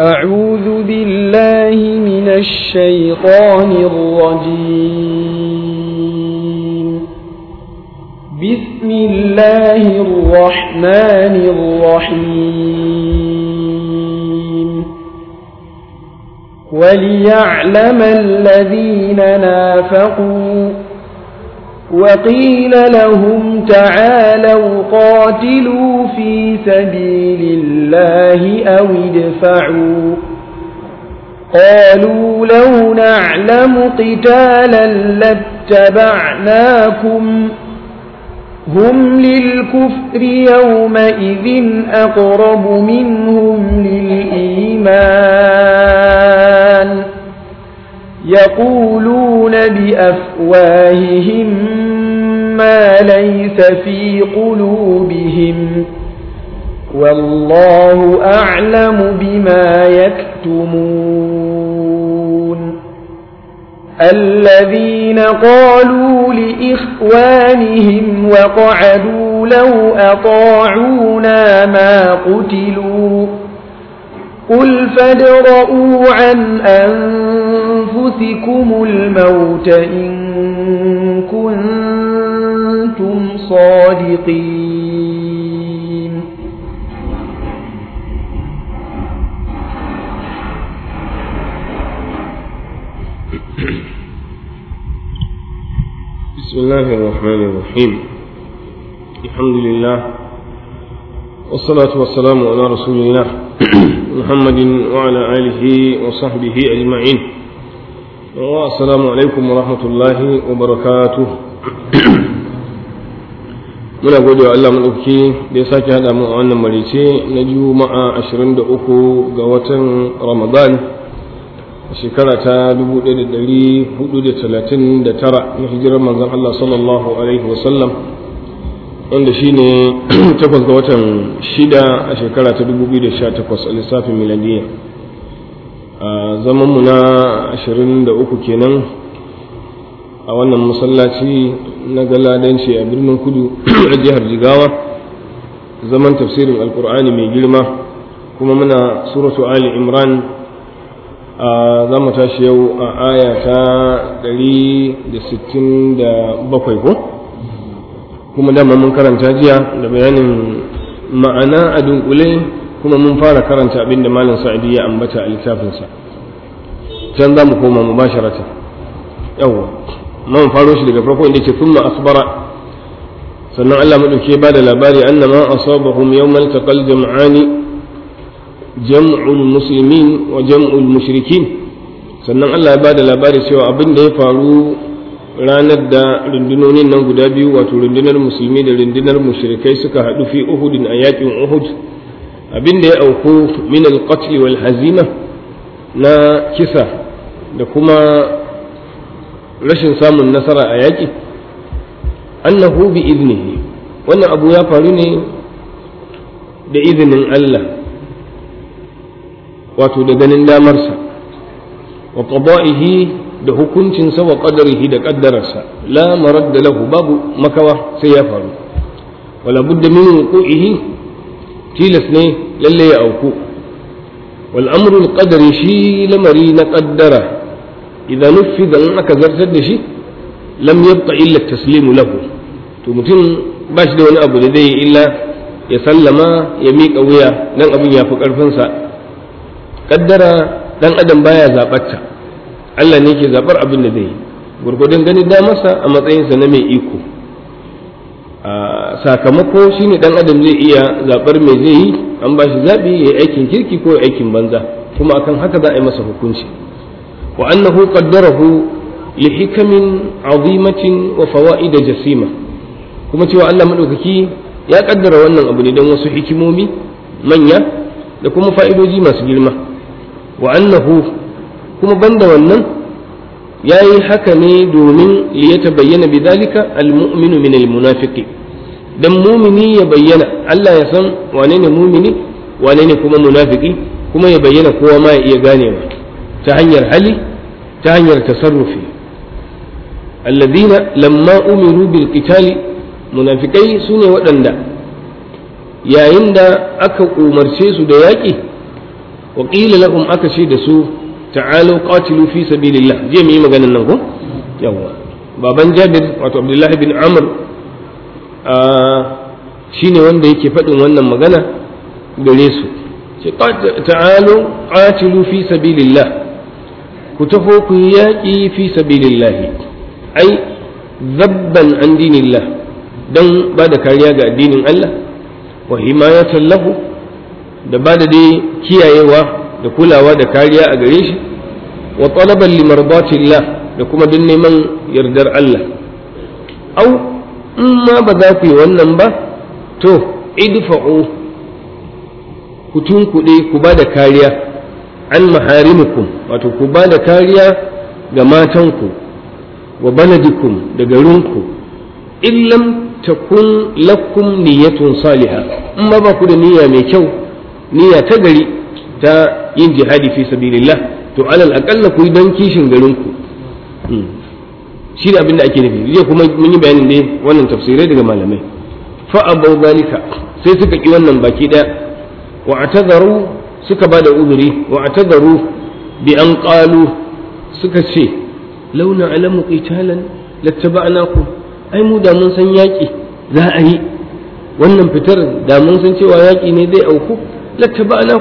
أعوذ بالله من الشيطان الرجيم بسم الله الرحمن الرحيم وليعلم الذين نافقوا وقيل لهم تعالوا قاتلوا في سبيل الله أو ادفعوا قالوا لو نعلم قتالا لاتبعناكم هم للكفر يومئذ أقرب منهم للإيمان يقولون بأفواههم ما ليس في قلوبهم والله أعلم بما يكتمون الذين قالوا لإخوانهم وقعدوا لو أطاعونا ما قتلوا قل فادرؤوا عن أنفسكم الموت إن كنتم صادقين بسم الله الرحمن الرحيم الحمد لله والصلاة والسلام على رسول الله محمد وعلى آله وصحبه أجمعين والسلام عليكم ورحمة الله وبركاته muna gode wa Allah maɗauki da ya sake haɗa mu a wannan marice na juma'a 23 ga watan ramadan shekara ta 1439 na hijirar manzon Allah sallallahu alaihi wasallam wanda shi ne takwas ga watan 6 a shekara ta 2018 a lissafin miladiyya a zamanmu na 23 kenan a wannan masallaci na galadanci a birnin kudu a jihar jigawa zaman tafsirin alkur'ani mai girma kuma muna suratu ali imran a zama tashi yau a aya ta 167 ko kuma dama mun karanta jiya da bayanin ma'ana a dunkule kuma mun fara karanta abinda da malam sa'adi ya ambata a littafinsa can za mu koma mu mubasharatan yawwa mun faro shi daga farko inda yake thumma akhbara sannan Allah madauke ba da labari anna ma asabahum yawmal taqal jam'ani jam'ul muslimin wa jam'ul mushrikin sannan Allah ya ba da labari cewa abin da ya faru ranar da rundunonin nan guda biyu wato rundunar musulmi da rundunar mushrikai suka haɗu fi uhudin a yakin uhud abin da ya auku min alqatl wal hazima na kisa da kuma rashin samun nasara a yaƙi annahu bi iznihi wannan abu ya faru ne da izinin Allah wato da ganin damarsa wa qada'ihi da hukuncinsa wa qadarihi da qaddararsa la marad lahu babu makawa sai ya faru wala budda min wuqu'ihi tilas ne lalle ya auku wal amru al qadari shi lamari na qaddara idan nufida in aka zartar da shi lam yabqa illa taslimu lahu to mutum ba shi da wani abu da zai illa ya sallama ya miƙa wuya dan abin ya fi ƙarfinsa kaddara dan adam baya zaɓarta Allah ne ke zaɓar abin da zai yi gurgudun gani damarsa a matsayinsa na mai iko sakamako shine ɗan adam zai iya zaɓar mai zai yi an ba shi zaɓi ya aikin kirki ko aikin banza kuma akan haka za a yi masa hukunci wa'annahu annahu qaddarahu li wa fawaida jasima kuma cewa Allah madaukaki ya kaddara wannan abu ne don wasu hikimomi manya da kuma fa'idodi masu girma wa'annahu kuma banda wannan ya yi haka ne domin liyata bayyana bidalika almu'minu min almunafiqi dan mumini ya bayyana Allah ya san wane ne mumini wane ne kuma munafiki kuma ya bayyana kowa ma ya iya ganewa ta hanyar hali ta hanyar tasarrufi alladhina lamma umiru bil qitali munafikai sune waɗanda yayin da aka umarce su da yaƙi wa qila lahum aka ce da su ta'alu qatilu fi sabilillah je mu yi maganan nan ko yawa baban Jabir wato Abdullahi bin Amr shine wanda yake faɗin wannan magana gare su ta'alu qatilu fi sabilillah ku taho ku yi yaƙi fi sabilillahi ai zabban an dinillah don ba da kariya ga addinin Allah wa himayatan lahu da ba da dai kiyayewa da kulawa da kariya a gare shi wa talaban limarbatillah da kuma don neman yardar Allah au in ma ba za ku yi wannan ba to idfa'u ku tunkuɗe ku ba da kariya an maharimukum wato ku ba da kariya ga matanku wa baladikum da garinku illam kun lakum niyyatun salihah in ma ba ku da niyya mai kyau niyya ta gari ta yin jihadi fi sabilillah to alal aqalla ku dan kishin garinku hmm. shi da abin da ake nufi kuma mun yi bayanin ne wannan tafsirai daga malamai fa abu zalika sai suka ki wannan baki daya wa atadharu suka ba da uzuri wa atadaru bi an qalu suka ce launa alamu qitalan ku ai mu da mun san yaki za a yi wannan fitar da mun san cewa yaki ne zai auku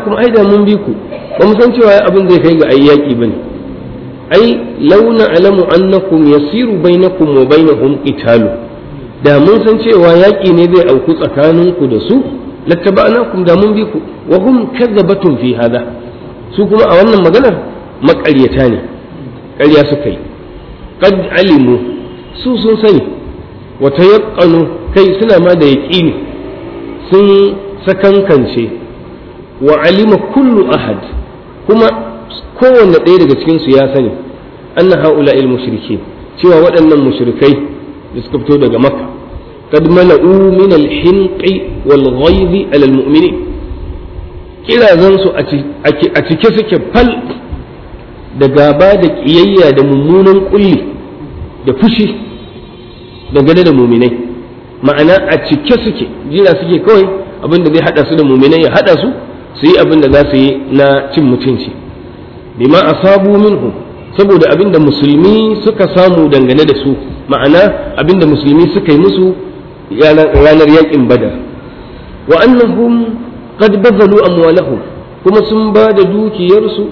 ku ai da mun bi ku ba mu san cewa abin zai kai ga ai yaki bane ai launa alamu annakum yasiru bainakum wa bainahum qitalu da mun san cewa yaki ne zai auku tsakaninku da su lattaba'nakum da mun bi ku wa hum kadzabatun fi hada su kuma a wannan maganar maƙaryata ne ƙarya suka yi qad alimu su sun sani wa tayaqqanu kai suna ma da yaqini sun sakankance wa alima kullu ahad kuma kowanne ɗaya daga cikin su ya sani anna haula al cewa waɗannan mushrikai da suka fito daga makka قد ملأوا من الحنق والغيظ على المؤمنين كلا زنسو أتكسك فل da gaba da ƙiyayya da mummunan ƙulli da fushi dangane da muminai ma'ana a cike suke jira suke kawai abin da zai haɗa su da muminai ya haɗa su su yi abin da za su yi na cin mutunci bima sabu minhu saboda abin da musulmi suka samu dangane da su ma'ana abin da musulmi suka yi musu ranar yakin bada wa annahum qad bazalu amwalahum kuma sun ba da dukiyarsu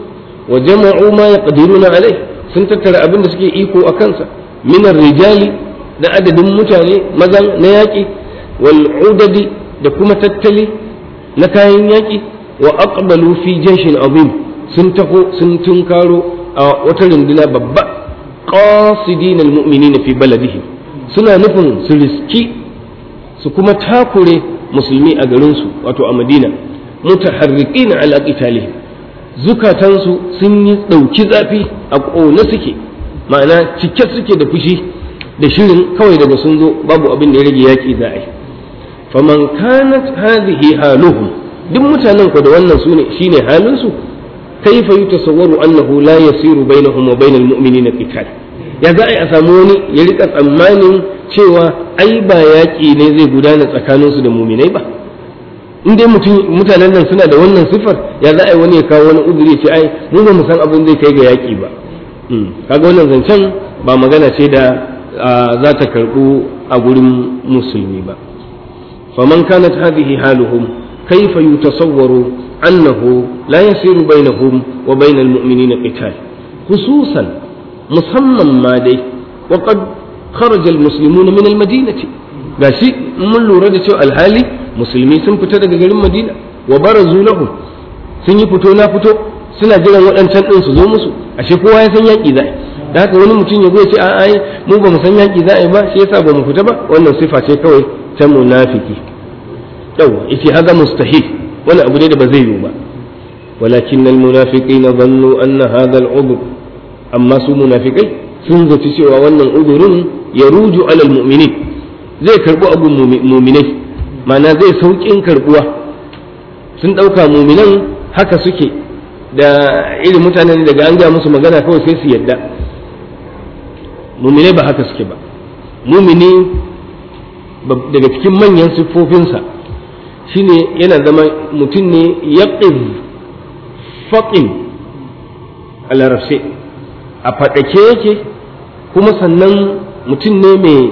wa jama'u ma yaqdiruna alai sun tattara abin da suke iko a kansa min rijali da adadin mutane mazan na yaƙi wal udadi da kuma tattali na kayan yaki wa aqbalu fi jayshin azim sun tako sun tunkaro a wata runduna babba qasidin almu'minin fi baladihi suna nufin su riski su kuma takure musulmi a garinsu wato a madina mutaharriqin ala qitalihim zukatansu sun yi ɗauki zafi a ƙone suke ma'ana cike suke da fushi da shirin kawai daga sun zo babu abin da ya rage yaƙi za a yi faman kanat hadhihi haluhum duk mutanen ku da wannan sune shine halin su kaifa yutasawwaru annahu la yasiru bainahum wa bainal mu'minina qital ya za a samu wani ya rika tsammanin cewa ai ba yaƙi ne zai gudana tsakaninsu da muminai ba in dai mutanen nan suna da wannan sifar ya za a yi wani ya kawo wani uzuri ce ai mu ba mu san abin zai kai ga yaƙi ba hmm. kaga wannan zancen ba magana ce da za ta karɓu a gurin musulmi ba faman kanat hadhihi haluhum kaifa yutasawwaru annahu la yasiru bainahum wa bainal mu'minina qital khususan musamman ma dai wa qad musulmuna almuslimuna min almadinati gashi mun lura da cewa alhali musulmi sun fita daga garin madina wa barazu lahum sun yi fito na fito suna jiran waɗancan ɗin su zo musu ashe kowa ya san yaƙi za'a da haka wani mutum ya zo ce a ai mu ba mu san yaƙi za'a ba shi yasa ba mu fita ba wannan sifa ce kawai ta munafiki yawa ita haza mustahil wani abu ne da ba zai yiwu ba walakin al munafiqina dhannu anna hadha al amma su munafikai sun zaci cewa wannan udurin ya ruju alal mu'minin zai karbu abun mu'minai ma'ana zai saukin karbuwa sun ɗauka mu'minan haka suke da irin mutanen daga an ga musu magana kawai sai su yadda mu'minai ba haka suke ba mu'mini daga cikin manyan siffofinsa shine yana zama mutum ne yaqiz faqin a a faɗake yake kuma sannan mutum ne mai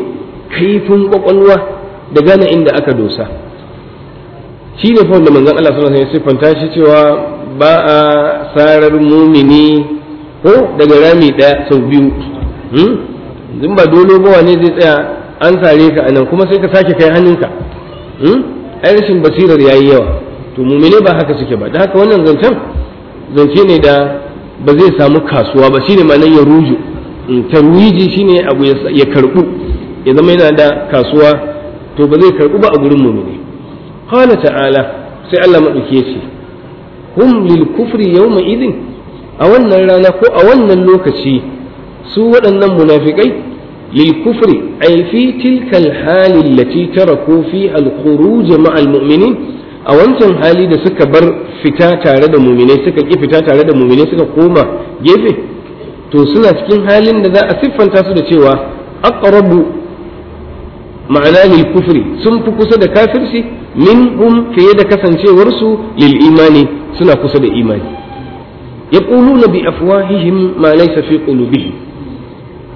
kaifin ƙwaƙwalwa da gane inda aka dosa shi ne fa wanda manzon Allah sallallahu alaihi wasallam ya shi cewa ba a sarar mumini ko daga rami ɗaya sau biyu in hmm? ba dole ba ne zai tsaya an sare ka anan kuma sai ka sake kai hannunka hmm? ai rashin basirar yayi yawa to mumini ba haka suke ba da haka wannan zancen zance ne da ba zai samu kasuwa ba shine ma'anar ya ruju mm, tarwiji shine abu ya karbu ya zama yana da kasuwa to ba zai karbu ba a gurin mumini qala ta'ala sai Allah madauke shi hum lil kufri yawma idin a wannan rana ko a wannan lokaci su waɗannan munafikai lil kufri ay fi tilka al hali allati taraku fiha al khuruj al mu'minin a wancan hali da suka bar fita tare da muminai suka fita tare da muminai suka koma gefe to suna cikin halin da za a siffanta su da cewa aqrabu ma'ana lil kufri sun fi kusa da kafirci minhum fiye da kasancewarsu lil imani suna kusa da imani yaquluna bi afwahihim ma laysa fi qulubihim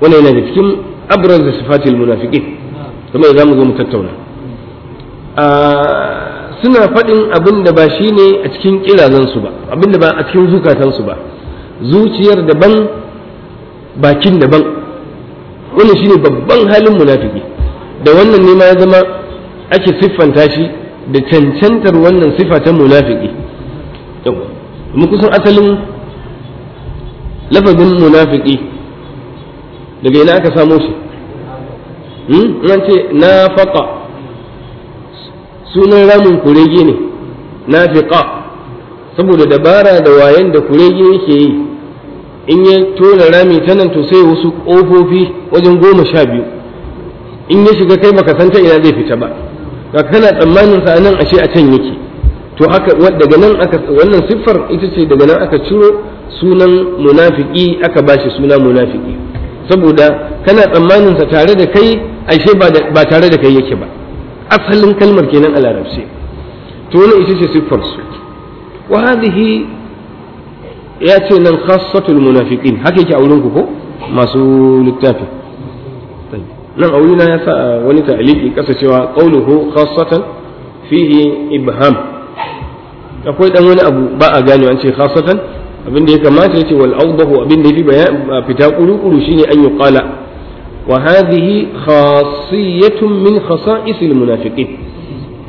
wannan yana da cikin abraz sifatil munafiqin kamar zamu zo mu tattauna ah, suna faɗin abin da ba shi ne a cikin ƙirazansu ba abin da ba a cikin zukatansu ba zuciyar daban bakin daban wannan shi ne babban halin munafiki da wannan ne ma ya zama ake siffanta shi da cancantar wannan siffa ta munafiki mu kusan asalin lafazin munafiki daga ina aka samo shi in hmm? ce na faƙa sunan ramin kurege ne na nafiqa saboda dabara da wayan da kurege yake yi in ya tona rami ta nan to sai wasu ƙofofi wajen goma sha biyu in ya shiga kai baka san ta ina zai fita ba ga kana tsammanin sa nan ashe a can yake to haka daga nan aka wannan siffar ita ce daga nan aka ciro sunan munafiki aka bashi suna munafiki saboda kana tsammanin sa tare da kai ashe ba tare da kai yake ba asalin kalmar kenan a larabci to wannan ita ce siffar su wa hadhihi ya ce nan khassatul munafiqin haka yake a wurin ku ko masu littafi nan a wurina ya sa wani ta'aliki kasa cewa qauluhu khassatan fihi ibham akwai dan wani abu ba a gane an ce khassatan abinda ya kamata yace wal awdahu abin da yafi fita kuru kuru shine an yuqala وهذه خاصية من خصائص المنافقين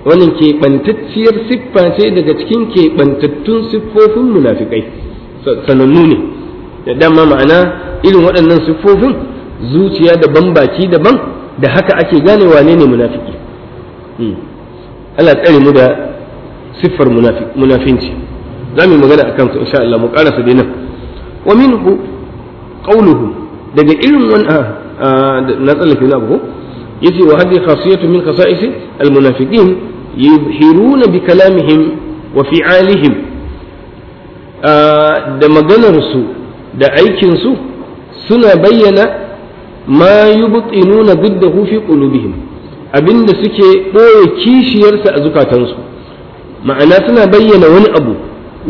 wannan keɓantacciyar siffa ce daga cikin keɓantattun siffofin munafikai sanannu ne da dama ma'ana irin waɗannan siffofin zuciya daban baki daban da haka ake gane wane ne munafiki hmm. Allah tsare mu da siffar munafinci za mu magana a kansu insha Allah mu ƙarasa dai nan wa minhu qawluhu daga irin wannan ah, na tsallafi na abu yace wa hadhihi khasiyatu min khasa'is almunafiqin yubhiruna bi kalamihim wa fi'alihim da maganarsu da aikin su suna bayyana ma yubtinuna biddahu fi qulubihim abinda suke ɓoye kishiyarsa a zukatansu ma'ana suna bayyana wani abu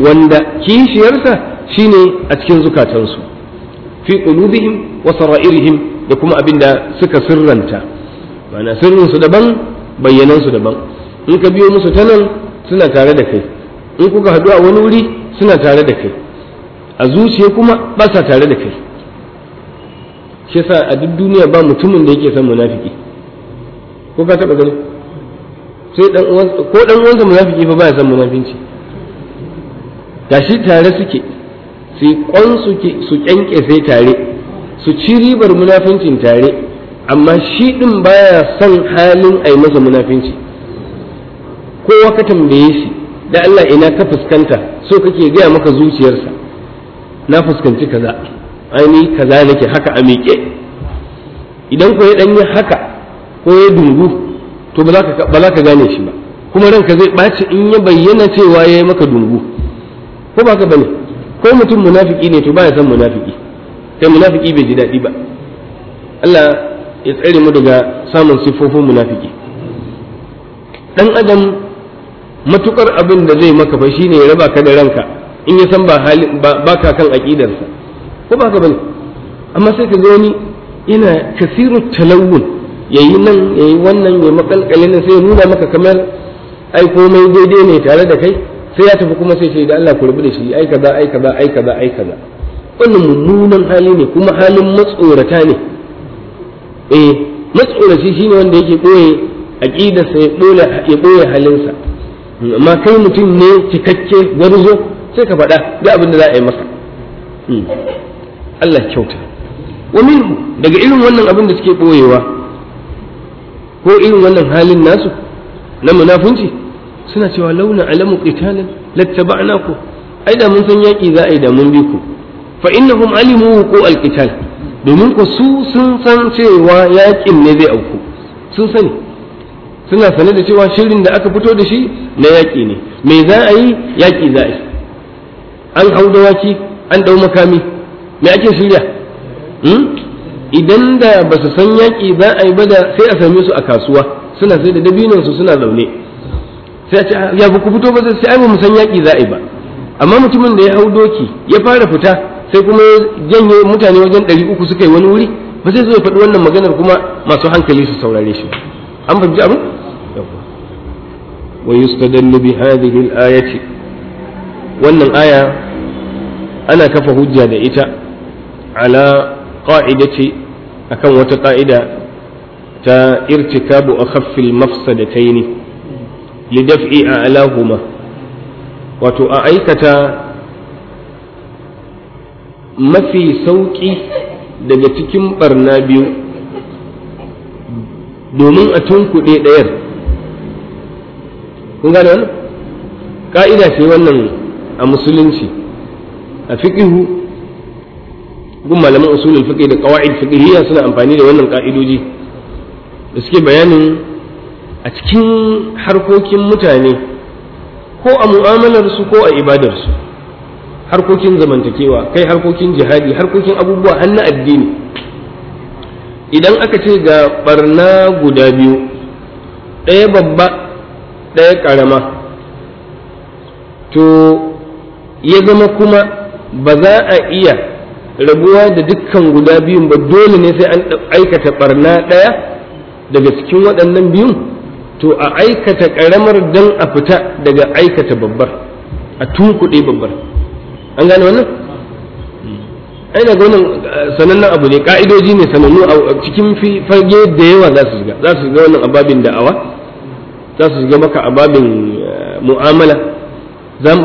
wanda kishiyarsa shine a cikin zukatansu fi qulubihim wa sara'irihim da kuma abin da suka sirranta ma'ana sirrinsu daban bayyanansu daban in ka biyo musu ta nan suna tare da kai in kuka haɗu a wani wuri suna tare da kai a zuciya kuma ba sa tare da kai shi sa a duk duniya ba mutumin da yake son munafiki ko ka taɓa gani sai dan uwan ko dan uwansa munafiki fa ya son munafinci shi tare suke su kwan su kyanke sai tare su ci ribar munafincin tare amma shi ɗin baya son halin a yi masa munafinci kowa ka tambaye shi da Allah ina ka fuskanta so kake gaya maka zuciyarsa na fuskanci kaza ni kaza nake haka a miƙe idan ko ya ɗanyi haka ko ya dungu to ba za ka gane shi ba kuma ranka zai ɓaci in ya bayyana cewa ya yi maka dungu ko ba ka bane ko mutum munafiki ne to baya son munafiki sai munafiki bai ji daɗi ba Allah ya tsare mu daga samun siffofin munafiki dan adam matukar abin da zai maka ba shine ya raba ka da ranka in ya san ba baka kan aqidarsa ko ba ka bane amma sai ka ga wani yana kasiru talawun yayi nan yayi wannan ya makalkale nan sai ya nuna maka kamar ai komai daidai ne tare da kai sai ya tafi kuma sai shi da Allah ku rubu da shi ai kaza ai kaza ai kaza ai kaza wannan mummunan hali ne kuma halin matsorata ne eh matsoraci shine wanda yake ɓoye aƙidarsa ya dole ya ɓoye halinsa amma kai mutum ne cikakke garzo, sai ka faɗa da abin da za a yi masa hmm. Allah kyauta wa daga irin wannan abin da suke ɓoyewa ko irin wannan halin nasu na munafunci suna cewa launa alamu qitalan lattaba'naku ai da mun san yaki za a yi da mun bi ku fa innahum alimu ko alqital domin ku su sun san cewa yakin ne zai auku sun sani suna sane da cewa shirin da aka fito da shi na yaƙi ne me za a yi yaƙi za a yi an hau dawaki an ɗau makami me ake shirya hmm? idan da ba su san yaƙi za a yi ba da sai a same su a kasuwa suna sai da dabinan su suna zaune sai a ce ah, ya ku fito ba sai ai mu san yaƙi za a yi ba amma mutumin da ya hau doki ya fara fita sai kuma janye mutane wajen ɗari uku suka yi wani wuri ba zai faɗi wannan maganar kuma masu hankali su saurare shi an fahimci abin wa yustadallu bi hadhihi al-ayati wannan aya ana kafa hujja da ita ala qa'idati akan wata qa'ida ta irtikabu akhaffil mafsadatayn lidaf'i a'lahuma wato a aikata mafi sauƙi daga cikin barna biyu domin a tunkuɗe ɗayar kun gane wannan ƙa'ida ce wannan a musulunci a fiƙihu gun malaman usulun fiƙi da ƙawa'id fiƙihiyya suna amfani da wannan ƙa'idoji da suke bayanin a cikin harkokin mutane ko a mu'amalarsu ko a ibadarsu harkokin zamantakewa kai harkokin jihadi harkokin abubuwa har na addini idan aka ce ga barna guda biyu ɗaya babba ɗaya ƙarama to ya zama kuma ba za a iya rabuwa da dukkan guda biyun ba dole ne sai an aikata barna ɗaya daga cikin waɗannan biyun to a aikata ƙaramar don a fita daga aikata babbar a tunkuɗe babbar an gane wannan ai daga wannan eh, sanannen abu ne ka'idoji ne sanannu a cikin farge da yawa za su shiga za su shiga wannan ababin da'awa za su shiga maka ababin eh, mu'amala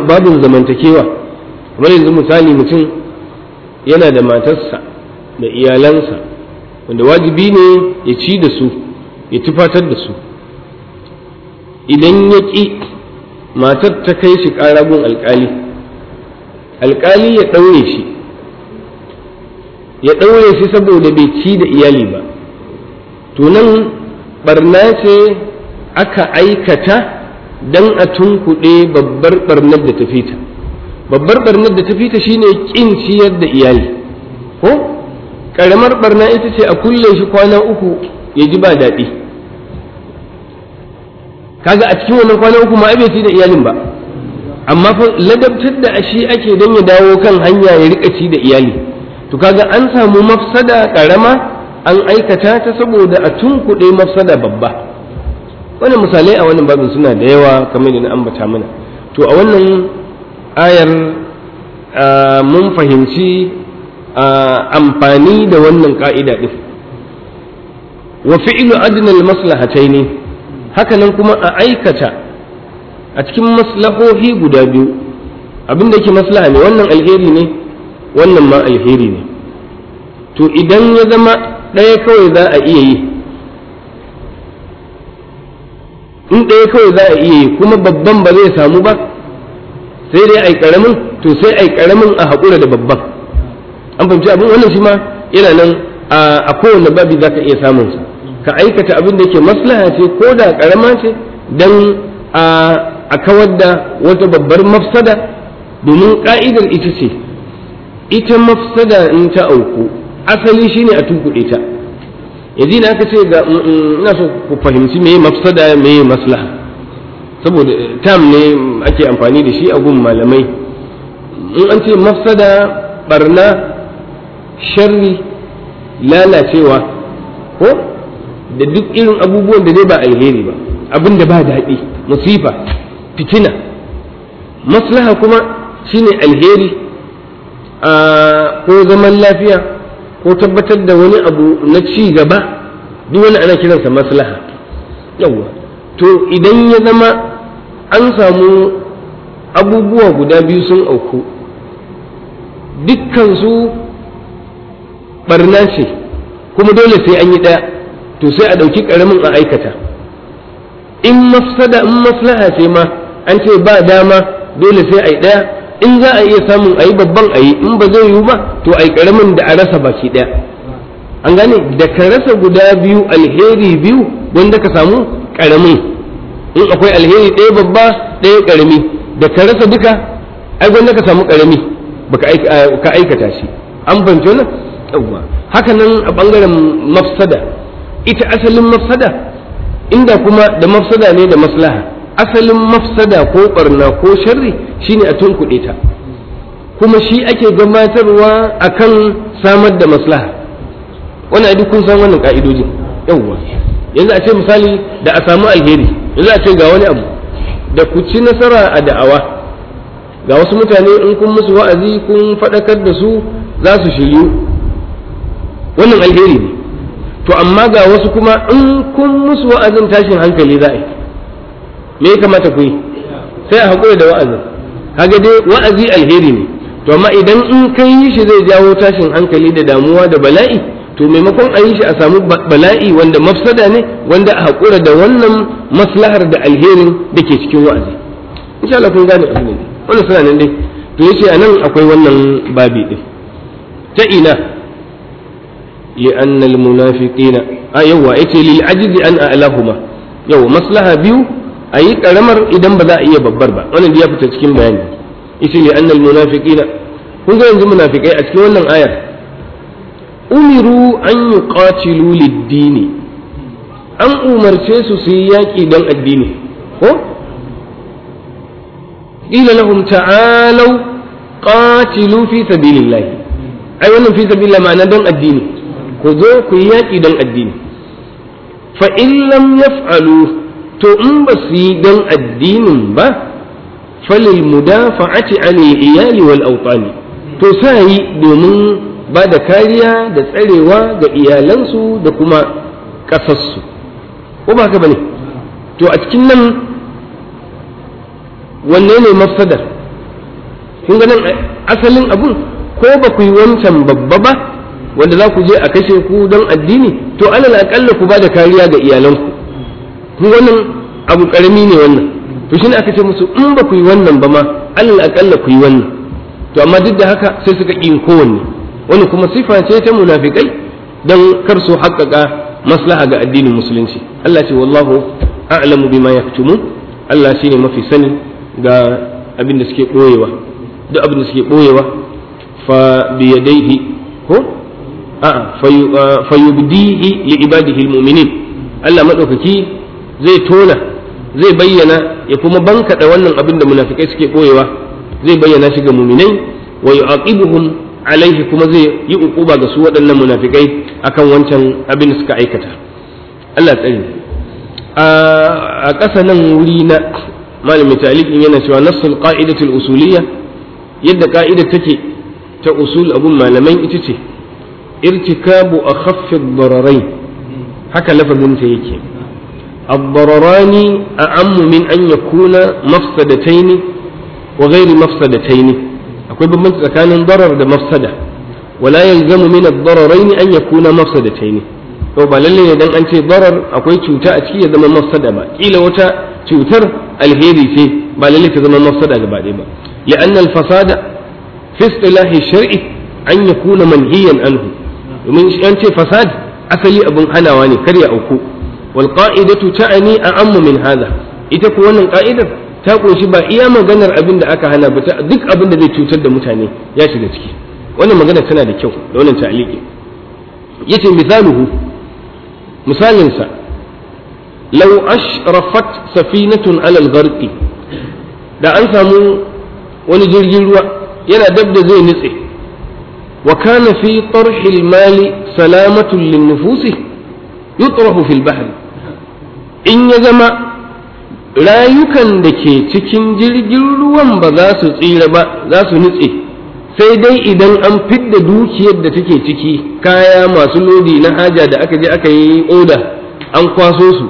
babin zamantakewa kamar yanzu misali mutum yana da matarsa da iyalansa wanda wajibi ne ya ci da su ya tufatar da su idan ya ƙi matar ta kai shi ƙaragun alƙali alƙali ya ɗaure shi ya ɗaure shi saboda bai ci da iyali ba to barna ce aka aikata don a tunkuɗe babbar barnar da ta fita babbar barnar da ta fita shine ƙin ciyar da iyali ko ƙaramar barna ita ce a kulle shi kwana uku ya ji ba daɗi kaga a cikin wannan kwana uku ma bai ci da iyalin ba amma fa ladabtar da shi ake don ya dawo kan hanya ya rika ci da iyali to kaga an samu mafsada karama an aikata ta saboda a tunkuɗe mafsada babba wannan misalai a wannan babin suna da yawa kamar da na ambata mana to a wannan ayar mun fahimci amfani da wannan ka'ida din wa fi'lu adnal maslahataini haka nan kuma a aikata a cikin maslahohi guda biyu abin da yake maslaha ne wannan alheri ne wannan ma alheri ne to idan ya zama ɗaya kawai za a iya yi in ɗaya kawai za a iya yi kuma babban ba zai samu ba sai dai ai karamin to sai ai karamin a haƙura da babban an fahimci abin wannan shi ma yana nan a kowane babi za ka iya samunsa ka aikata abin da yake maslaha ce ko da karama ce don a a kawar da wata babbar mafsada domin ka'idar ita ce ita mafsada in ta auku asali shine a tunkuɗe ta yanzu na aka ce ga mm, mm, ina so ku fahimci me mafsada me maslaha saboda eh, tam ne ake amfani da shi a gun malamai in an ce mafsada barna sharri lalacewa ko da duk irin abubuwan da dai ba alheri ba abin da ba daɗi musifa fitina maslaha kuma shine alheri ko zaman lafiya ko tabbatar da wani abu na ci gaba duk wani ana kiransa maslaha yawwa to idan ya zama an samu abubuwa guda biyu sun auku dukkansu barna ce kuma dole sai an yi ɗaya to sai a ɗauki ƙaramin a aikata in in maslaha sai ma an ce ba dama dole sai a yi ɗaya in za a iya samun a yi babban a yi in ba zai yiwu ba to a yi ƙaramin da a rasa baki ɗaya an gane da ka rasa guda biyu alheri biyu wanda ka samu ƙaramin in akwai alheri ɗaya babba ɗaya ƙarami da ka rasa duka ai wanda ka samu ƙarami eh, ka aikata shi an fahimci wannan yawwa haka nan a ɓangaren mafsada ita asalin mafsada inda kuma da mafsada ne da maslaha asalin mafsada ko barna ko sharri shine a tunkuɗe ta kuma shi ake gabatarwa akan samar da maslaha wannan duk kun san wannan ka'idojin yawwa yanzu a ce misali da a samu alheri yanzu a ce ga wani abu da ku ci nasara a da'awa ga wasu mutane in kun musu wa'azi kun faɗakar da su za su shiryu wannan alheri ne to amma ga wasu kuma in kun musu wa'azin tashin hankali za a yi me ya kamata ku yi sai a haƙura da wa'azin haka dai wa'azi alheri ne to amma idan in kai yi shi zai jawo tashin hankali da damuwa da bala'i to maimakon a yi shi a samu bala'i wanda mafsada ne wanda a haƙura da wannan maslahar da alherin da ke cikin wa'azi insha Allah kun gane abin ne wannan suna nan dai to yace anan akwai wannan babi din ta ina li anna al munafiqina a yawa yace lil ajzi an a'lahuma yawa maslaha biyu a yi karamar idan ba za a iya babbar ba wannan ya fita cikin bayani isi ne annal munafiqina kun ga yanzu munafikai a cikin wannan ayar umiru an yuqatilu lid-dini an umarce su su yi yaƙi don addini ko ila lahum ta'alu qatilu fi sabilillah ai wannan fi sabilillah ma'ana don addini ku zo ku yi yaƙi don addini fa in lam yaf'alu to in ba su yi don addinin ba falil mudafa'ati anil iyali wal awtani to sa yi domin ba da kariya da tsarewa ga iyalansu da kuma ƙasarsu ko ba haka bane to a cikin nan wanne ne mafsadar kun ga nan eh, asalin abun ko ba ku yi wancan babba ba wanda za ku je a kashe ku don addini to alal aƙalla ku ba da kariya ga iyalanku ku wannan abu karami ne wannan to shine aka ce musu in ba ku yi wannan ba ma alal akalla ku yi wannan to amma duk da haka sai suka ƙi kowanne wani kuma sifa ce ta munafikai dan kar su haƙƙaƙa maslaha ga addinin musulunci Allah ce wallahu a'lamu bima yaktumun Allah shine mafi sani ga abin da suke ɓoyewa duk abin da suke ɓoyewa fa biyadaihi ko a'a fa yubdihi li ibadihi almu'minin Allah madaukaki zai tona zai bayyana ya kuma bankaɗa wannan abin da munafikai suke ɓoyewa zai bayyana shi ga muminai wa yu'aqibuhum alaihi kuma zai yi ukuba ga su waɗannan munafikai akan wancan abin da suka aikata Allah tsari a ƙasa nan wuri na malamin talibin yana cewa nassul qa'idatul usuliyya yadda ka'idar take ta usul abun malamai ita ce irtikabu akhaffi dararain haka lafazin ta yake الضرران أعم من أن يكون مفسدتين وغير مفسدتين أقول بمن كان ضرر ده مفسدة ولا يلزم من الضررين أن يكون مفسدتين to ba lalle ne dan an ce darar akwai cuta a ciki ya zama mafsada ba kila wata cutar alheri ce ba lalle ta zama mafsada gaba ɗaya ba li'anna al-fasada fi istilahi shar'i an yakuna manhiyan anhu domin an ce fasad asali abun hanawa ne kar ya auku والقائدة تعني أعم من هذا إذا يتكون قائدة تقول شبا إيا ما قنر أبن دعاك هنا بتا ذك أبن دعي توتل دمتاني يا نتكي وانا ما قنر سنة لكيو لون عليك يتم مثاله مثال ينسى لو أشرفت سفينة على الغرق دا أنسى مو ونجرجر و ينا دبدا زي نسئ وكان في طرح المال سلامة للنفوس يطرح في البحر in ya zama rayukan da ke cikin jirgin ruwan ba za su tsira ba za su nutse sai dai idan an fidda dukiyar da take ciki kaya masu lodi na haja da aka je aka yi oda an kwaso su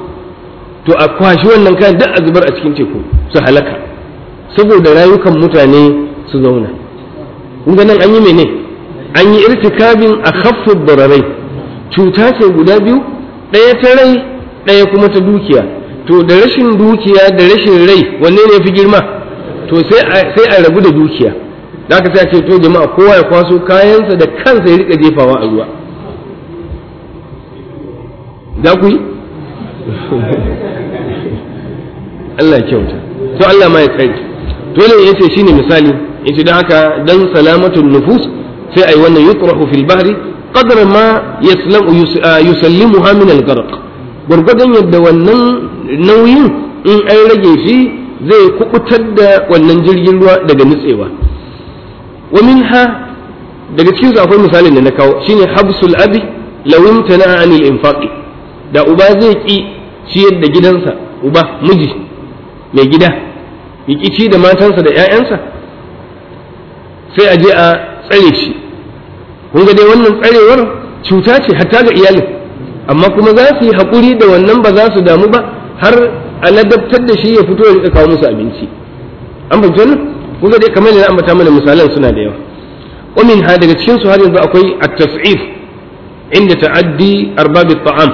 to a kwashi wannan kayan duk a zubar a cikin teku su halaka saboda rayukan mutane su zauna kun nan an yi mene an yi irtikabin a khaffud bararai cuta ce guda biyu ɗaya ta rai ɗaya kuma ta dukiya to da rashin dukiya da rashin rai wanne ne fi girma to sai a rabu da dukiya da aka sai a ce to jama'a kowa ya kwaso kayansa da kansa ya rika jefawa a ruwa za ku yi Allah ya kyauta to Allah ma ya tsare dole ya ce shine misali yace dan haka dan salamatul nufus sai ai wannan yutrahu fil bahri qadra ma yaslamu ah, yusallimuha min al-gharq gwargwadon yadda wannan nauyin in an rage shi zai kubutar da wannan jirgin ruwa daga nutsewa wa minha daga cikin su akwai misalin da na kawo shine habsul abi lawin tana anil infaqi da uba zai ki ciyar da gidansa uba miji mai gida ya ki ci da matansa da 'ya'yansa sai a je a tsare shi kun ga dai wannan tsarewar cuta ce hatta ga iyalin amma kuma za su yi haƙuri da wannan ba za su damu ba har a ladabtar da shi ya fito ya kawo musu abinci an fahimci wannan kamar yadda ambata mana misalan suna da yawa umin ha daga cikin su har yanzu akwai at-tas'if inda ta'addi arbab at-ta'am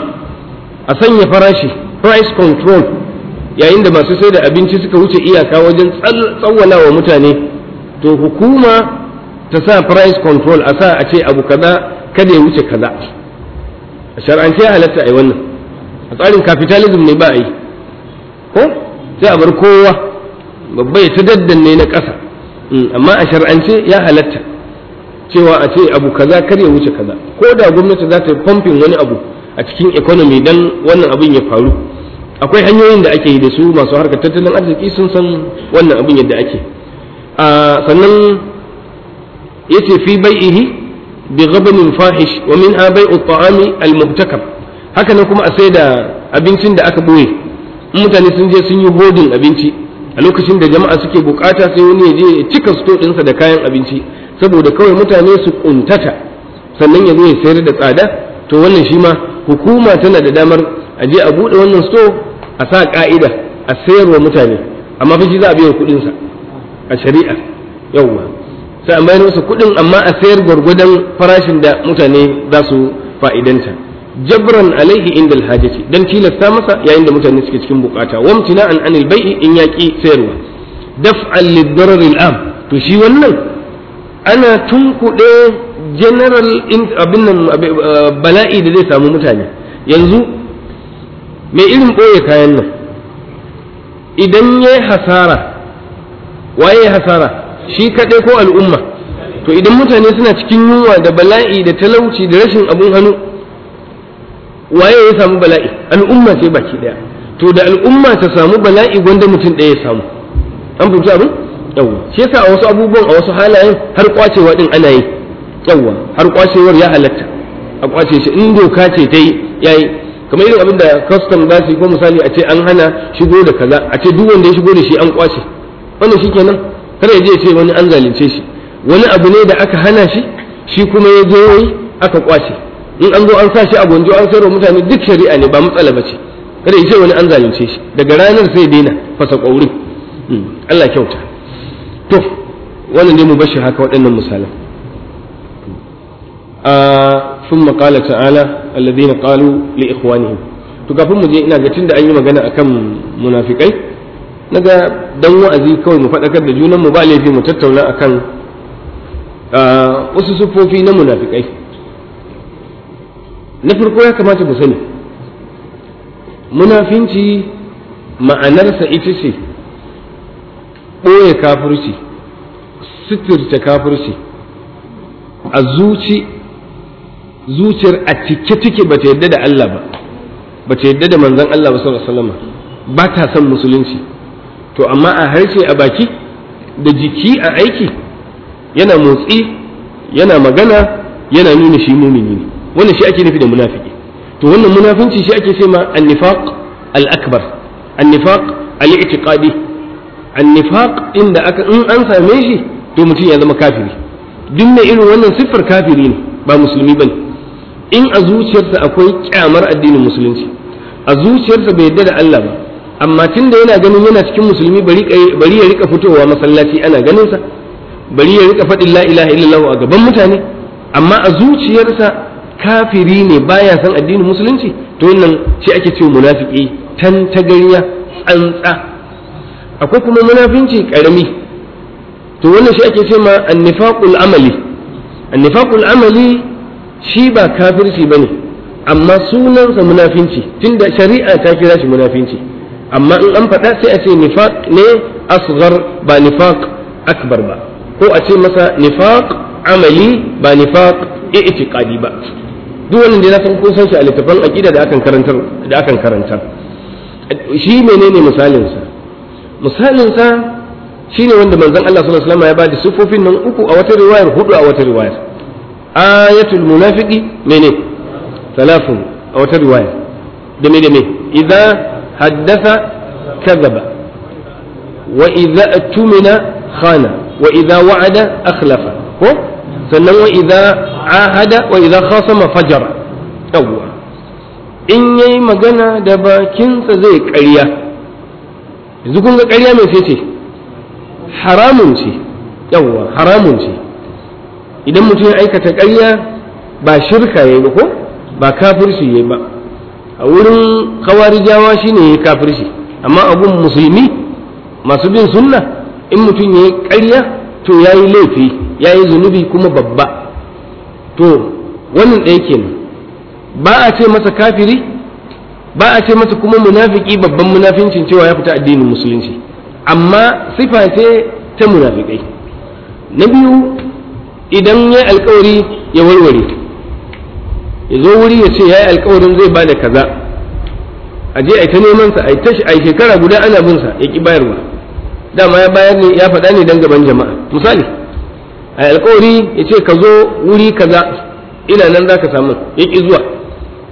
a sanya farashi price control yayin da masu sai da abinci suka wuce iyaka wajen tsawwala wa mutane to hukuma ta sa price control a sa a ce abu kaza kada ya wuce kaza a shar'ance ya halatta a yi wannan a tsarin capitalism ne ba a yi ko sai a bar kowa babba ya daddan ne na ƙasa hmm, amma a shar'ance ya halatta cewa a ce abu kaza kar ya wuce kaza ko da gwamnati za ta yi pumping wani abu a cikin economy dan wannan abin ya faru akwai hanyoyin da ake yi da su masu harkar tattalin arziki sun san wannan abin yadda ake ah, sannan yace fi bai'ihi bi ghadamin fahish wa min bai'u at-ta'ami al haka nan kuma a sai da abincin da aka boye mutane sun je sun yi hodin abinci a lokacin da jama'a suke bukata sai wani ya je ya cika sto ɗinsa da kayan abinci saboda kawai mutane su kuntata sannan ya zo ya sayar da tsada to wannan shi ma hukuma tana da damar a je a buɗe wannan sto a sa ka'ida a sayarwa mutane amma fa za a biya kuɗinsa a shari'a yawwa sai an bayar musu kuɗin amma a sayar gwargwadon farashin da mutane za su fa'idanta jabran alaihi inda ce, dan tilasta masa yayin da mutane suke cikin bukata wamtina'an anil bai'i in yaki sayarwa Daf lid-darar to shi wannan ana tunkuɗe general abin nan bala'i da zai samu mutane yanzu mai irin ɓoye kayan nan idan ya yi hasara waye hasara shi kaɗai ko al'umma to idan mutane suna cikin yunwa da bala'i da talauci da rashin abun hannu waye ya samu bala'i al'umma sai baki ɗaya to da al'umma ta samu bala'i gwanda mutum ɗaya ya samu an fahimci abin yawwa shi yasa a wasu abubuwan a wasu halayen har kwacewa din ana yi yawwa har kwacewar ya halatta a kwace shi in doka ce ta yi yayi kamar irin abin da custom ba su yi, ko misali a ce an hana shigo da kaza a ce duk wanda ya shigo da shi an kwace wannan shi kenan kada ya je ce wani an zalunce shi wani abu ne da aka hana shi shi kuma ya je wai aka kwace in an zo an sa shi a gwanjo an sayarwa mutane duk shari'a ne ba matsala ba ce kada ya ce wani an zalunce shi daga ranar sai daina fasa kwauri hmm, Allah kyauta to wannan ne mu bashi haka waɗannan misalan ah, maƙala ta'ala alladhina qalu li ikhwanihim to kafin mu je ina ga tunda an yi magana akan munafikai naga dan wa'azi kawai mu faɗakar da junan mu ba laifi mu tattauna akan ah, wasu siffofi na munafikai na farko ya kamata mu sani munafinci ma'anarsa ita ce ɓoye kafirci sitirta kafirci a zuciyar a cike cike ba ta yadda da Allah ba ba ta yadda da manzon Allah ba sallallahu alaihi wasallam ba ta son musulunci to amma a harshe a baki da jiki a aiki yana motsi yana magana yana nuna shi mumini ne wannan shi ake nufi da munafiki to wannan munafinci shi ake ce ma annifaq al-akbar annifaq al-i'tiqadi annifaq inda aka in an same shi to mutum ya zama kafiri duk mai irin wannan siffar kafiri ne ba musulmi bane in a zuciyarsa akwai kyamar addinin musulunci a zuciyarsa bai yarda da Allah ba amma tun da yana ganin yana cikin musulmi bari ya rika fitowa masallaci ana ganinsa bari ya rika faɗin la ilaha illallah a gaban mutane amma a zuciyarsa kafiri ne baya san addinin musulunci to wannan shi ake cewa munafiki tan tagariya tsantsa akwai kuma munafinci karami to wannan shi ake cewa annifaqul amali annifaqul amali shi ba kafirci bane amma sunansa munafinci tunda shari'a ta kira shi munafinci amma in an faɗa sai a ce nifaq ne asghar ba nifaq akbar ba ko a ce masa nifaq amali ba nifaq i'tiqadi ba duk wannan da na san kun san shi a littafin aqida da akan karantar da akan karantar shi menene misalin sa misalin sa shine wanda manzon Allah sallallahu alaihi wasallam ya bada sifofin nan uku a wata riwayar hudu a wata riwayar ayatul munafiqi mene salafun a wata riwayar da me da me idan haddasa kazaba wa idza tumina hana, wa idza wa'ada aklafa, ko sannan wa idza ahada wa idza khasama fajara yawwa in yayi magana da bakinsa zai ƙarya yanzu kun ga ƙarya mai sai ce haramun idan mutum ya aikata karya ba shirka yayi ba ko ba kafirci yayi ba a wurin khawarijawa shine ya shi, amma abun musulmi masu bin sunna in mutum ya yi ƙarya to ya yi laifi ya yi zunubi kuma babba to wannan ɗaya kenan ba a ce masa kafiri ba a ce masa kuma munafiki babban munafincin cewa ya fita addinin musulunci amma sifa ce ta munafikai na biyu idan ya alkawari ya warware ya zo wuri ya ce ya yi alkawarin zai bada kaza a je a ta neman sa a shekara guda ana bin sa ya ki bayarwa dama ya bayar ne ya faɗa ne dan gaban jama'a misali a alkawari ya ce ka zo wuri kaza ina nan za ka samu ya ki zuwa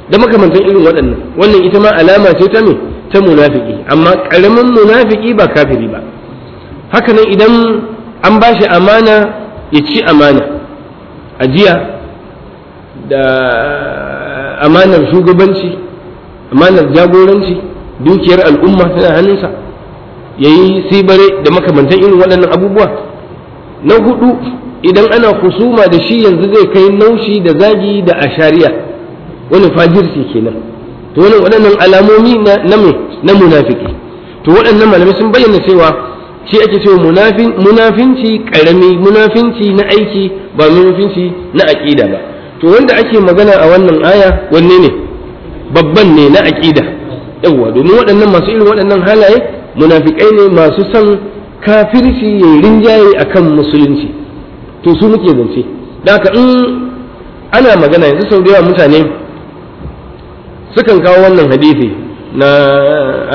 da makamantan irin waɗannan wannan ita ma alama ce ta me ta munafiki amma ƙaramin munafiki ba kafiri ba haka nan idan an ba shi amana ya ci amana ajiya da amanar shugabanci amanar jagoranci dukiyar al'umma tana hannunsa ya yi sibare da makamantan irin waɗannan abubuwa na hudu idan ana kusuma da shi yanzu zai kai naushi da zagi da ashariya wani ce kenan to wani waɗannan alamomi na munafiki to waɗannan malamai sun bayyana cewa shi ake cewa munafinci karami munafinci na aiki ba munafinci na aƙida ba to wanda ake magana a wannan aya wanne ne babban ne na aƙida yawa domin waɗannan masu irin waɗannan halaye munafikai ne masu son kafirci ya rinjaye akan musulunci to su muke zance da haka in ana magana yanzu sau da yawa mutane sukan kawo wannan hadisi na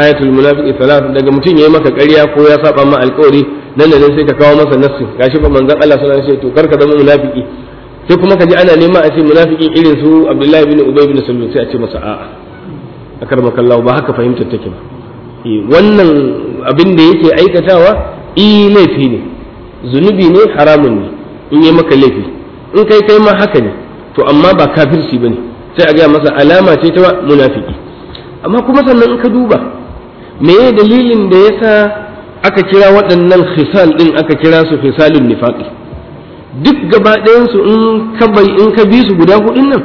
ayatul munafiqi salat daga mutum yayi maka ƙarya ko ya saba ma alƙawari nan da nan sai ka kawo masa nassi gashi fa manzon Allah sallallahu alaihi wasallam to karka zama munafiki sai kuma ka ji ana nema a ce munafiki irin su abdullahi bin ubay bin salul sai a ce masa a'a akar makallahu ba haka fahimtar take ba eh, wannan abin da yake aikatawa i laifi ne zunubi ne haramun ne in yi maka laifi in kai kai ma haka ne to amma ba kafirci bane sai a gaya masa alama ce ta munafiki amma kuma sannan in ka duba me meye dalilin da yasa aka kira waɗannan khisal din aka kira su khisalun nifaqi duk gaba ɗayansu in ka bai in ka bi su guda huɗun nan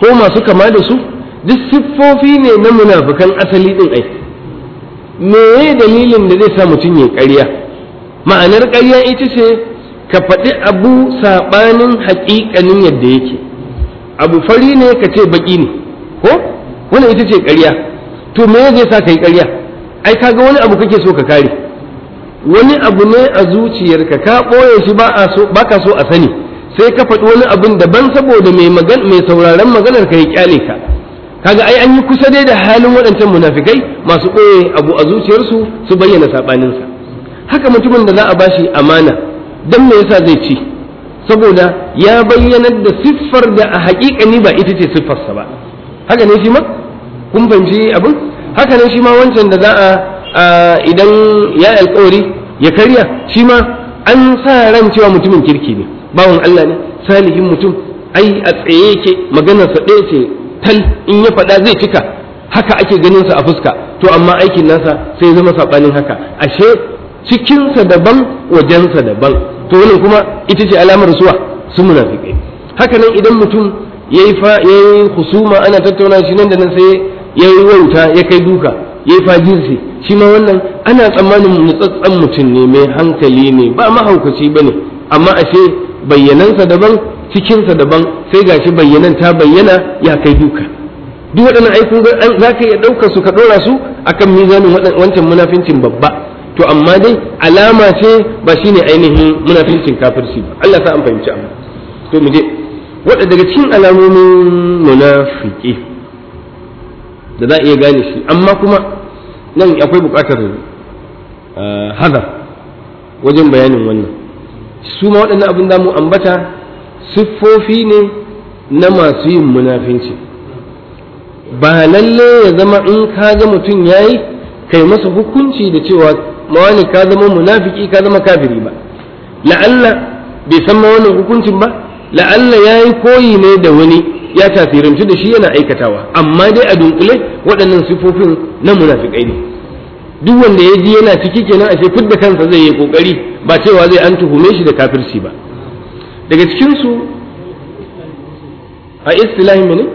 ko masu kama da su duk siffofi ne na munafukan asali ɗin ai ne dalilin da zai sa mutum ya ƙarya ma'anar ƙarya ita ce ka faɗi abu saɓanin haƙiƙanin yadda yake abu fari ne ka ce baƙi ne ko wannan ita ce ƙarya to me zai sa ka yi ƙarya ai ga wani abu kake so ka kare wani abu ne a zuciyarka ka ɓoye shi ba a so baka so a sani sai ka faɗi wani abun daban saboda mai magan mai sauraron maganar ka ya kyale ka kaga ai an yi kusa dai da halin waɗancan munafikai masu ɓoye abu a zuciyarsu su bayyana saɓaninsa haka mutumin da za a bashi amana dan me yasa zai ci saboda ya bayyanar da siffar da a haƙiƙani ba ita ce siffarsa ba haka ne shi ma kun fahimci abin haka ne shi ma wancan da za a idan ya alkawari ya karya shi ma an sa ran cewa mutumin kirki ne bawan Allah ne salihin mutum ai a tsaye yake maganarsa ɗaya ce tal in ya faɗa zai cika haka ake ganin sa a fuska to amma aikin nasa sai zama sabanin haka ashe cikinsa daban wajensa daban to wannan kuma ita ce alamar suwa su munafikai haka nan idan mutum ya yi husuma ana tattauna shi nan da nan sai ya wauta ya kai duka ya yi fajirci shi ma wannan ana tsammanin nutsatsan mutum ne mai hankali ne ba mahaukaci ba ne amma ashe bayyanansa daban cikinsa daban sai gashi bayyanan ta bayyana ya kai duka duk waɗannan aikun za ka iya ɗauka su ka ɗora su a kan mizanin wancan munafincin babba to amma dai alama ce ba shine ainihin munafincin kafirci ba Allah sa an fahimci amma to mu je waɗanda daga cikin alamomin munafiki da za a iya gane shi amma kuma nan akwai bukatar eh, hazar wajen bayanin wannan su ma waɗannan abin da mu ambata siffofi ne na masu yin munafinci ba lalle ya zama in ka ga mutum ya yi kai masa hukunci da cewa mawani ka zama munafiki ka zama kafiri ba la'alla bai san ma wannan hukuncin ba la'alla ya yi koyi ne da wani ya tasirantu da shi yana aikatawa amma dai a dunkule waɗannan sifofin na munafikai ne duk wanda ya ji yana ciki kenan ashe da kansa zai yi kokari ba cewa zai an tuhume shi da kafirci ba daga cikin su a istilahi mene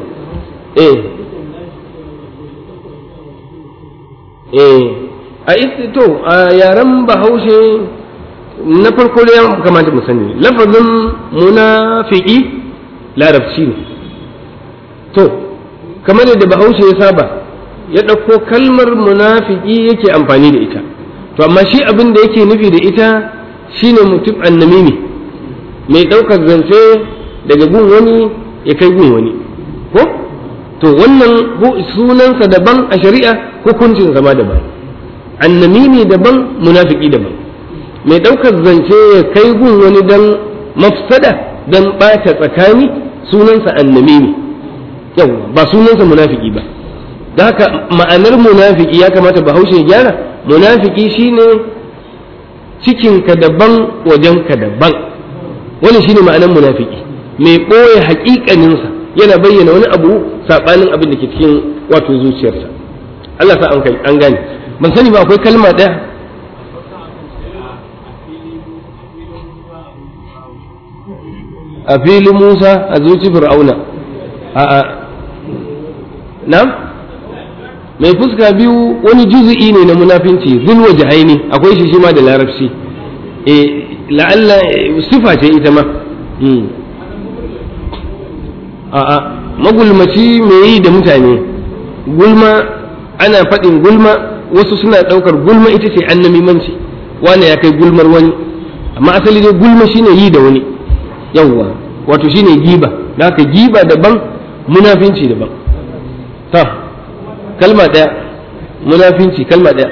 eh eh a to a yaren bahaushe na farko da ya kamata mu sani lafazin munafiki larabci ne to kamar yadda bahaushe ya saba ya ɗauko kalmar munafiki yake amfani da ita to amma shi abin da yake nufi da ita shine mutum annami ne, mai ɗaukar zance daga gun wani ya kai gun wani ko to wannan sunansa daban a shari'a hukuncin zama daban annami ne daban munafiki daban mai ɗaukar zance ya kai gun wani don mafsada don ɓata tsakani sunansa annami ne. yau ba sunansa munafiki ba da haka ma'anar munafiki ya kamata bahaushe ya gyara munafiki shine cikinka daban wajenka daban wannan shine ma'anar munafiki mai ɓoye haƙiƙaninsa yana bayyana wani abu saɓanin abin da ke cikin wato zuciyarsa Allah sa an gane ban sani ba akwai kalma ɗaya a fili Musa a zuci Fir'auna a'a nam mai fuska biyu wani juzu'i ne na munafinci zulwa jahaini akwai shi shi ma da larabci eh, la'alla eh, sifa ce ita ma hmm. a'a magulmaci mai yi da mutane gulma ana faɗin gulma wasu suna ɗaukar gulma ita ce annamimanci wani ya kai gulmar wani amma asali dai gulma shine yi da wani yawwa wato shine giba da aka giba daban munafinci daban ta kalma daya munafinci kalma daya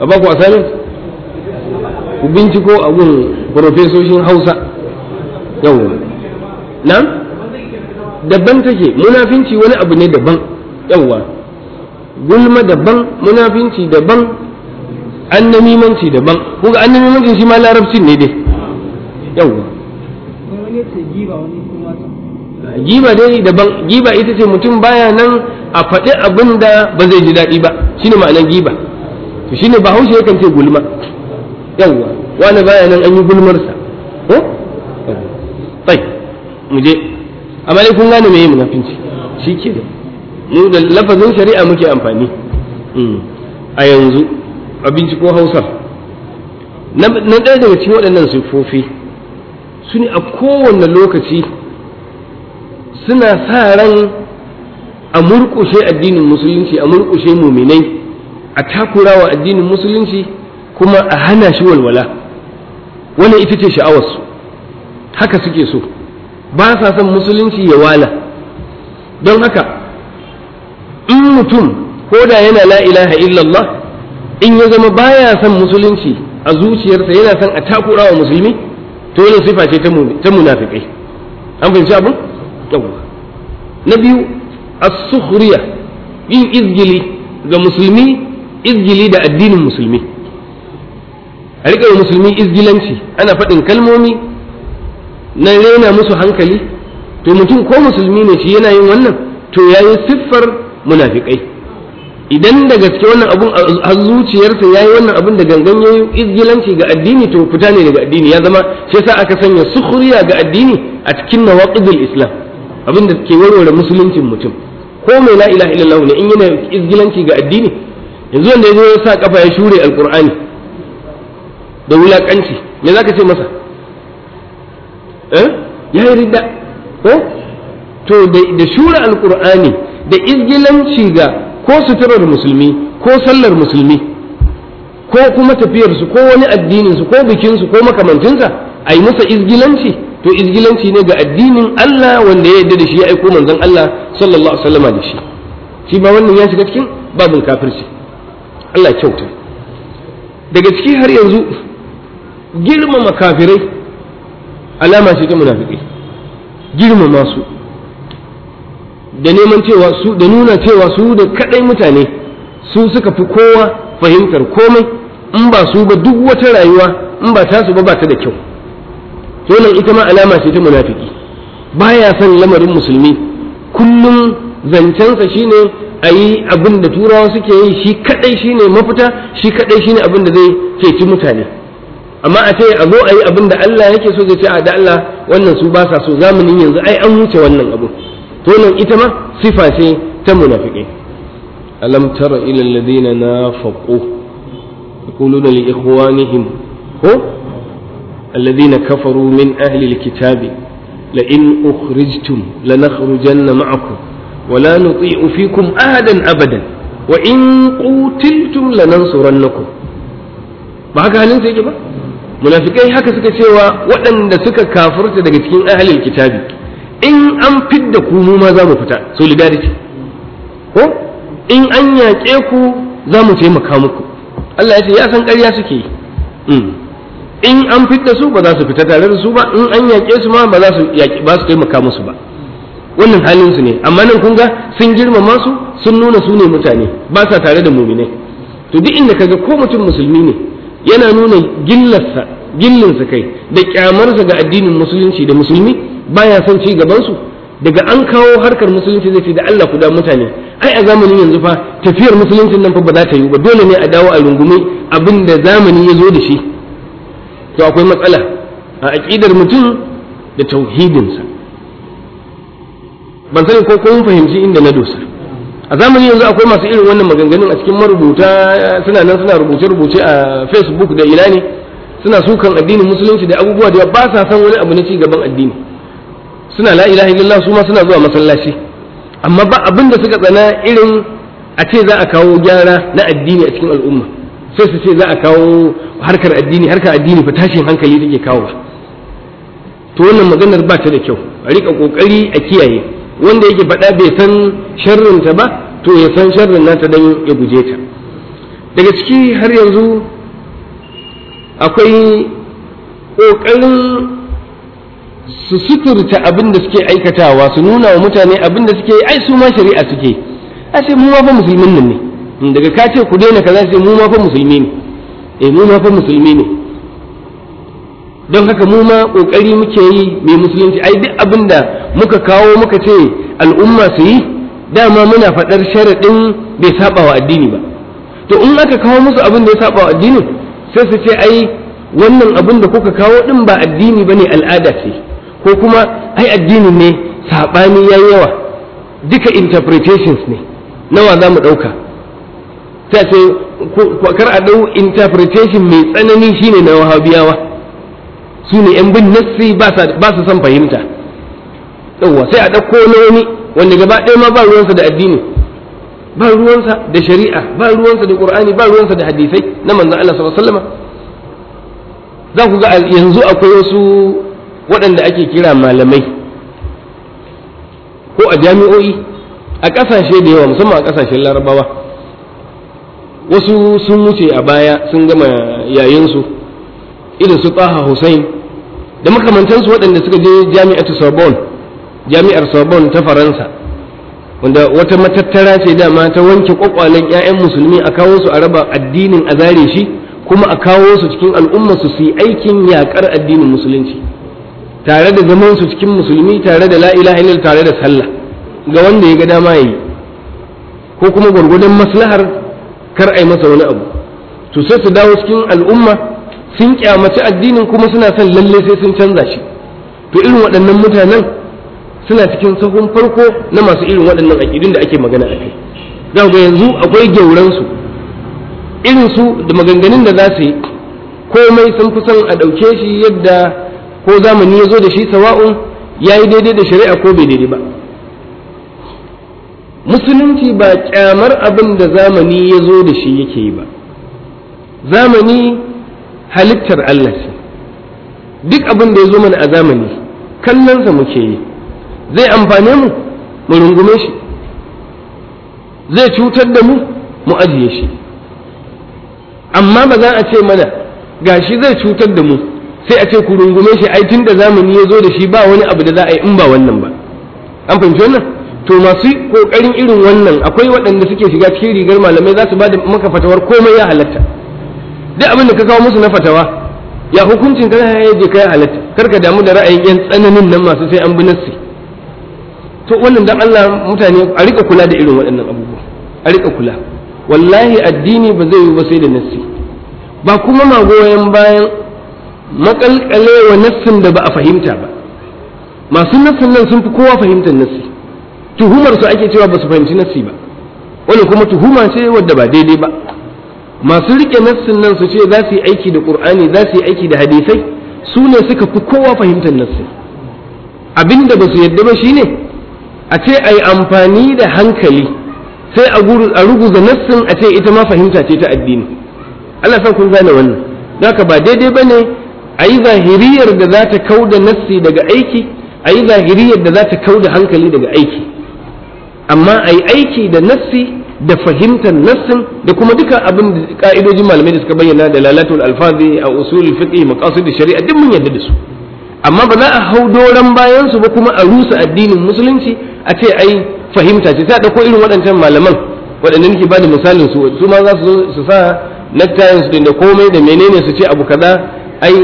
a baku ku asalin ku binciko a gun profesoshin hausa yau nan daban take munafinci wani abu ne daban yauwa gulma daban munafinci daban annamimanci daban kuga annamimanci shi ma larabcin ne dai yauwa giba dai daban giba ita ce mutum baya nan a faɗi abin da ba zai ji daɗi ba shine ma'anar giba to shine haushe yakan ce gulma yawwa wani baya nan an yi gulmarsa ko tai mu je amma dai kun gane meye munafinci da mu da lafazin shari'a muke amfani hmm. a yanzu abinci ko hausar na ɗaya daga cikin waɗannan siffofi su ne a kowane lokaci suna sa ran a murƙushe addinin musulunci a murƙushe muminai a takurawa addinin musulunci kuma a hana shi walwala wannan ita ce sha'awarsu haka suke so ba sa son musulunci ya wala don haka in mutum ko da yana la ilaha illallah in ya zama baya son musulunci a zuciyarsa yana son a takurawa musulmi to wani sifa ce ta munafikai an fahimci abin na biyu as-sukhriya yin izgili ga musulmi izgili da addinin musulmi a riƙa musulmi izgilanci ana faɗin kalmomi na rena musu hankali to mutum ko musulmi ne shi yana yin wannan to ya yi siffar munafiƙai idan da gaske wannan abun a zuciyarsa ya yi wannan abun da gangan ya yi izgilanci ga addini to fita ne daga addini ya zama shi yasa aka sanya sukhriya ga addini a cikin nawaqidul islam abin da ke warware musuluncin mutum ko mai la ilaha illallah ne in yana izgilanci ga addini yanzu wanda ya zo ya sa kafa ya shure alqur'ani da wulakanci me zaka ce masa eh ya yi ridda ko eh? to da shure alqur'ani da izgilanci ga ko suturar musulmi ko sallar musulmi ko kuma tafiyarsu ko wani su ko bikinsu ko makamancinsa a yi masa izgilanci to izgilanci ne ga addinin Allah wanda ya yarda da shi ya aiko manzon Allah sallallahu alaihi wasallam da shi shi ba wannan ya shiga cikin babin kafirci Allah kyauta daga ciki har yanzu girmama kafirai alama ce ta munafiki girmama su da neman cewa su da nuna cewa su da kadai mutane su suka fi kowa fahimtar komai in ba su ba duk wata rayuwa in ba tasu ba ba ta da kyau to nan ita ma alama ce ta munafiki baya son lamarin musulmi kullum zancensa shine a yi abin da turawa suke yi shi kadai shine mafita shi kadai shine abin da zai ceci mutane amma a ce a zo a yi abin da Allah yake so zai ce a da Allah wannan su ba sa so zamanin yanzu ai an wuce wannan abu to nan ita ma sifa ce ta munafiki alam tara ila alladhina nafaqu يقولون لإخوانهم هو الذين كفروا من أهل الكتاب لئن أخرجتم لنخرجن معكم ولا نطيع فيكم أحدا أبدا وإن قتلتم لننصرنكم ba haka halin sai ba munafikai haka suka cewa waɗanda suka kafurta daga cikin ahalil kitabi in an fidda ku mu ma za mu fita solidarity ko in an yaƙe ku za mu taimaka muku Allah ya ce ya san ƙarya suke yi in an fidda su ba za su fita tare da su ba in an yaƙe su ma ba za su ba su taimaka musu ba wannan halin su ne amma nan kun ga sun girmama su sun nuna su ne mutane ba sa tare da muminai to duk inda kaga ko mutum musulmi ne yana nuna gillarsa gillinsa kai da kyamarsa ga addinin musulunci da musulmi baya son ci gaban su daga an kawo harkar musulunci zai ce da Allah ku da mutane ai a zamanin yanzu fa tafiyar musuluncin nan fa ba za ta yi ba dole ne a dawo a rungume abin da zamani ya zo da shi to akwai matsala a aƙidar mutum da tauhidinsa ban sani ko kun fahimci inda na dosa a zamanin yanzu akwai masu irin wannan maganganun a cikin marubuta suna nan suna rubuce-rubuce a facebook da ina ne suna sukan addinin musulunci da abubuwa da ba sa san wani abu na ci gaban addini suna la ilaha illallah su ma suna zuwa masallaci amma ba abin da suka tsana irin a ce za a kawo gyara na addini a cikin al'umma sai su ce za a kawo harkar addini harka addini fa tashin hankali take kawo to wannan maganar ba ta da kyau a rika kokari a kiyaye wanda yake faɗa bai san sharrin ta ba to ya san sharrin nata dan ya guje ta daga ciki har yanzu akwai kokarin su suturta abin da suke aikatawa su nuna wa mutane abin da suke ai su ma shari'a suke a ce mu ma fa musulmin nan ne daga ka ce ku daina kaza sai mu ma fa musulmi ne eh mu ma fa musulmi ne don haka mu ma kokari muke yi mai musulunci ai duk abinda muka kawo muka ce al'umma su yi dama muna faɗar sharaɗin bai saba wa addini ba to in aka kawo musu abin da ya saba wa addini sai su ce ai wannan abin da kuka kawo din ba addini ne al'ada ce ko kuma ai addini ne saɓani yayi yawa duka interpretations ne nawa za mu ɗauka ta ce kar a dau interpretation mai tsanani shine na wahabiyawa su ne yan bin nassi ba su san fahimta ɗauwa sai a ɗauko na wani wanda gaba ɗaya ma ba ruwansa da addini ba ruwansa da shari'a ba ruwansa da qur'ani ba ruwansa da hadisai na manzon Allah sallallahu alaihi za ku ga yanzu akwai wasu waɗanda ake kira malamai ko a jami'o'i a ƙasashe da yawa musamman a ƙasashen larabawa wasu sun wuce a baya sun gama yayinsu idan su taha hussein da makamantansu waɗanda suka je jami'atu sorbonne jami'ar sorbonne ta faransa wanda wata matattara ce dama ta wanke kwakwalen 'ya'yan musulmi a kawo su a raba addinin a zare shi kuma a kawo su cikin al'umma su su yi aikin yakar addinin musulunci tare da zaman su cikin musulmi tare da la'ila illallah tare da sallah ga wanda ya ga dama yi ko kuma gwargwadon maslahar kar a yi masa wani abu to sai su dawo cikin al'umma sun kyamaci addinin kuma suna son lalle sai sun canza shi to irin waɗannan mutanen suna cikin sahun farko na masu irin waɗannan aƙidun da ake magana a kai za ga yanzu akwai gyauransu irin su da maganganun da za su yi komai sun fi son a ɗauke shi yadda ko zamani ya zo da shi sawa'un ya yi daidai da shari'a ko bai daidai ba musulunci ba kyamar abin da zamani ya zo da shi yake yi ba zamani halittar Allah ce duk abin da ya zo mana a zamani kallonsa muke yi zai amfane mu mu rungume shi zai cutar da mu mu ajiye shi amma ba za a ce mana ga shi zai cutar da mu sai a ce ku rungume shi ai da zamani ya zo da shi ba wani abu da za a yi in ba wannan ba an fahimci wannan to masu kokarin irin wannan akwai waɗanda suke shiga cikin rigar malamai za su ba da maka fatawar komai ya halatta duk abin da ka kawo musu na fatawa ya hukuncin ka ya je ka halatta kar ka damu da ra'ayin yan tsananin nan masu sai an bi nassi to wannan dan Allah mutane a rika kula da irin waɗannan abubuwa a rika kula wallahi addini ba zai yi ba sai da nassi ba kuma magoyan bayan makalkalewa nassin da ba a fahimta ba masu nassin nan sun fi kowa fahimtar nassi tuhumar su ake cewa ba su fahimci nassi ba wani kuma tuhuma ce wadda ba daidai ba masu rike nassin nan su ce za su yi aiki da ƙur'ani za su yi aiki da hadisai su ne suka fi kowa fahimtar nassi abinda ba su yadda ba shine a ce a yi amfani da hankali sai a ruguza nassin a ce ita ma fahimta ce ta addini Allah sa kun gane wannan haka ba daidai ba ne a yi zahiriyar da za ta kau da nassi daga aiki a yi zahiriyar da za ta kau da hankali daga aiki amma a yi aiki da nassi da fahimtar nassin da kuma duka abin da ka'idojin malamai da suka bayyana da lalatul alfazi a usul fiqi maqasid shari'a duk mun yadda da su amma ba za a hau doran bayan su ba kuma a rusa addinin musulunci a ce ai fahimta ce sai a dauko irin waɗancan malaman waɗanda nake bada misalin su su ma za su su sa necktie su da komai da menene su ce abu kaza ai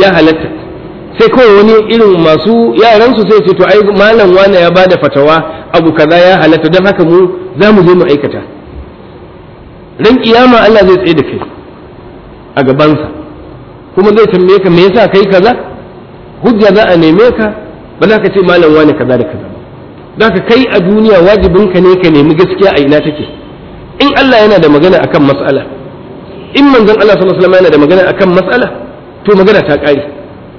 ya halatta sai kawai wani irin masu yaransu sai ce to ai malam wani ya bada fatawa abu kaza ya halatta don haka mu za mu je mu aikata ran kiyama Allah zai tsaye da kai a gabansa kuma zai tambaye ka me yasa kai kaza hujja za a neme ka ba za ka ce malam wani kaza da kaza ba ka kai a duniya wajibin ka ne ka nemi gaskiya a ina take in Allah yana da magana akan mas'ala in manzon Allah sallallahu alaihi wasallam yana da magana akan mas'ala to magana ta kare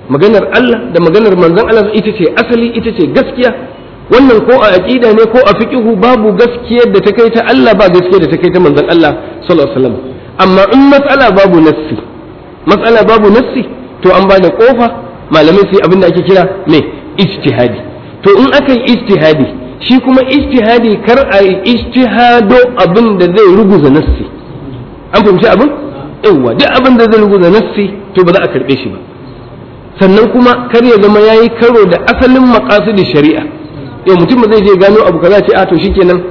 maganar Allah da maganar manzon Allah ita ce asali ita ce gaskiya wannan ko a aqida ne ko a fiqihu babu gaskiyar da ta kai ta Allah ba gaskiyar da ta kai ta manzon Allah sallallahu alaihi wasallam amma in mas'ala babu nassi mas'ala babu nassi to an bada kofa malamai sai abinda ake kira me ijtihadi to in aka yi ijtihadi shi kuma ijtihadi kar a yi ijtihado abin da zai ruguza nassi an fahimci abin yawwa duk abin da zai ruguza nassi to ba za a karbe shi ba sannan kuma kar ya zama yayi karo da asalin maqasidi shari'a yau mutum zai je gano abu kaza ce a to shikenan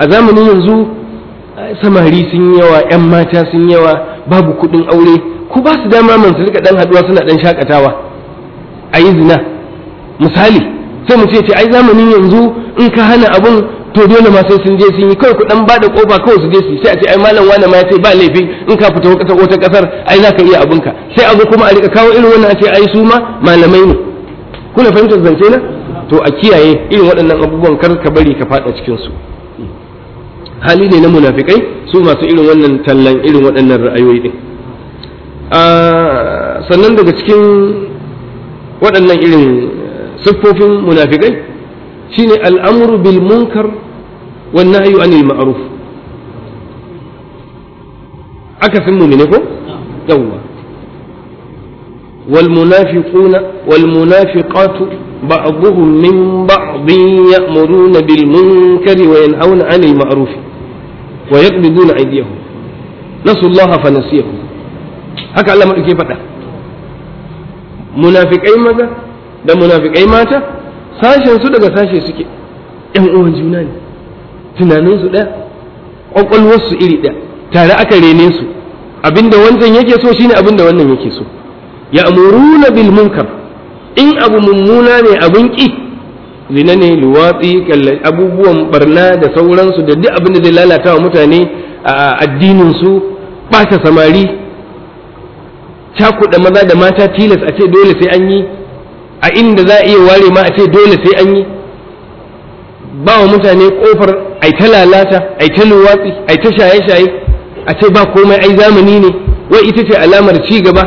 a zamanin yanzu eh, samari sun yawa yan mata sun yawa babu kuɗin aure ku ba su dama man su rika dan haduwa suna dan shakatawa ayi zina misali sai mu ce ce ai zamanin yanzu in ka hana abun to dole ma sai sun je sun yi kawai ku dan bada kofa kawai su je su sai a ce ai malam wani ma ya ce ba laifi in ka fita wata wata kasar ai za ka iya abinka sai abu kuma a rika kawo irin wannan a ce ai su ma malamai ne kuna fahimtar zance na to a kiyaye irin waɗannan abubuwan kar ka bari ka faɗa cikin su hali ne na munafikai su masu irin wannan tallan irin waɗannan ra'ayoyi din ah, sannan daga cikin waɗannan irin eh, siffofin munafikai shine al'amuru bil munkar والنهي عن المعروف عكس المؤمن يوم والمنافقون والمنافقات بعضهم من بعض يأمرون بالمنكر وينهون عن المعروف ويقبضون أيديهم نسوا الله فنسيهم هكا Allah كيف فتح منافقين maza ده منافقين mata sashen su ساشا sashe suke ‘yan uwan tunaninsu ɗaya ƙwaƙwalwarsu iri ɗaya tare aka rene su abinda wancan yake so shine abinda wannan yake so ya amuruna bil munkar in abu mummuna ne abun ƙi zina ne luwatsi abubuwan barna da sauransu da duk abinda zai lalata wa mutane a addinin su ɓata samari cakuɗa maza da mata tilas a ce dole sai an yi a inda za a iya ware ma a ce dole sai an yi ba wa mutane ƙofar ai ta lalata ai ta luwatsi ai ta shaye-shaye a ce ba komai ai zamani ne wai ita ce alamar ci gaba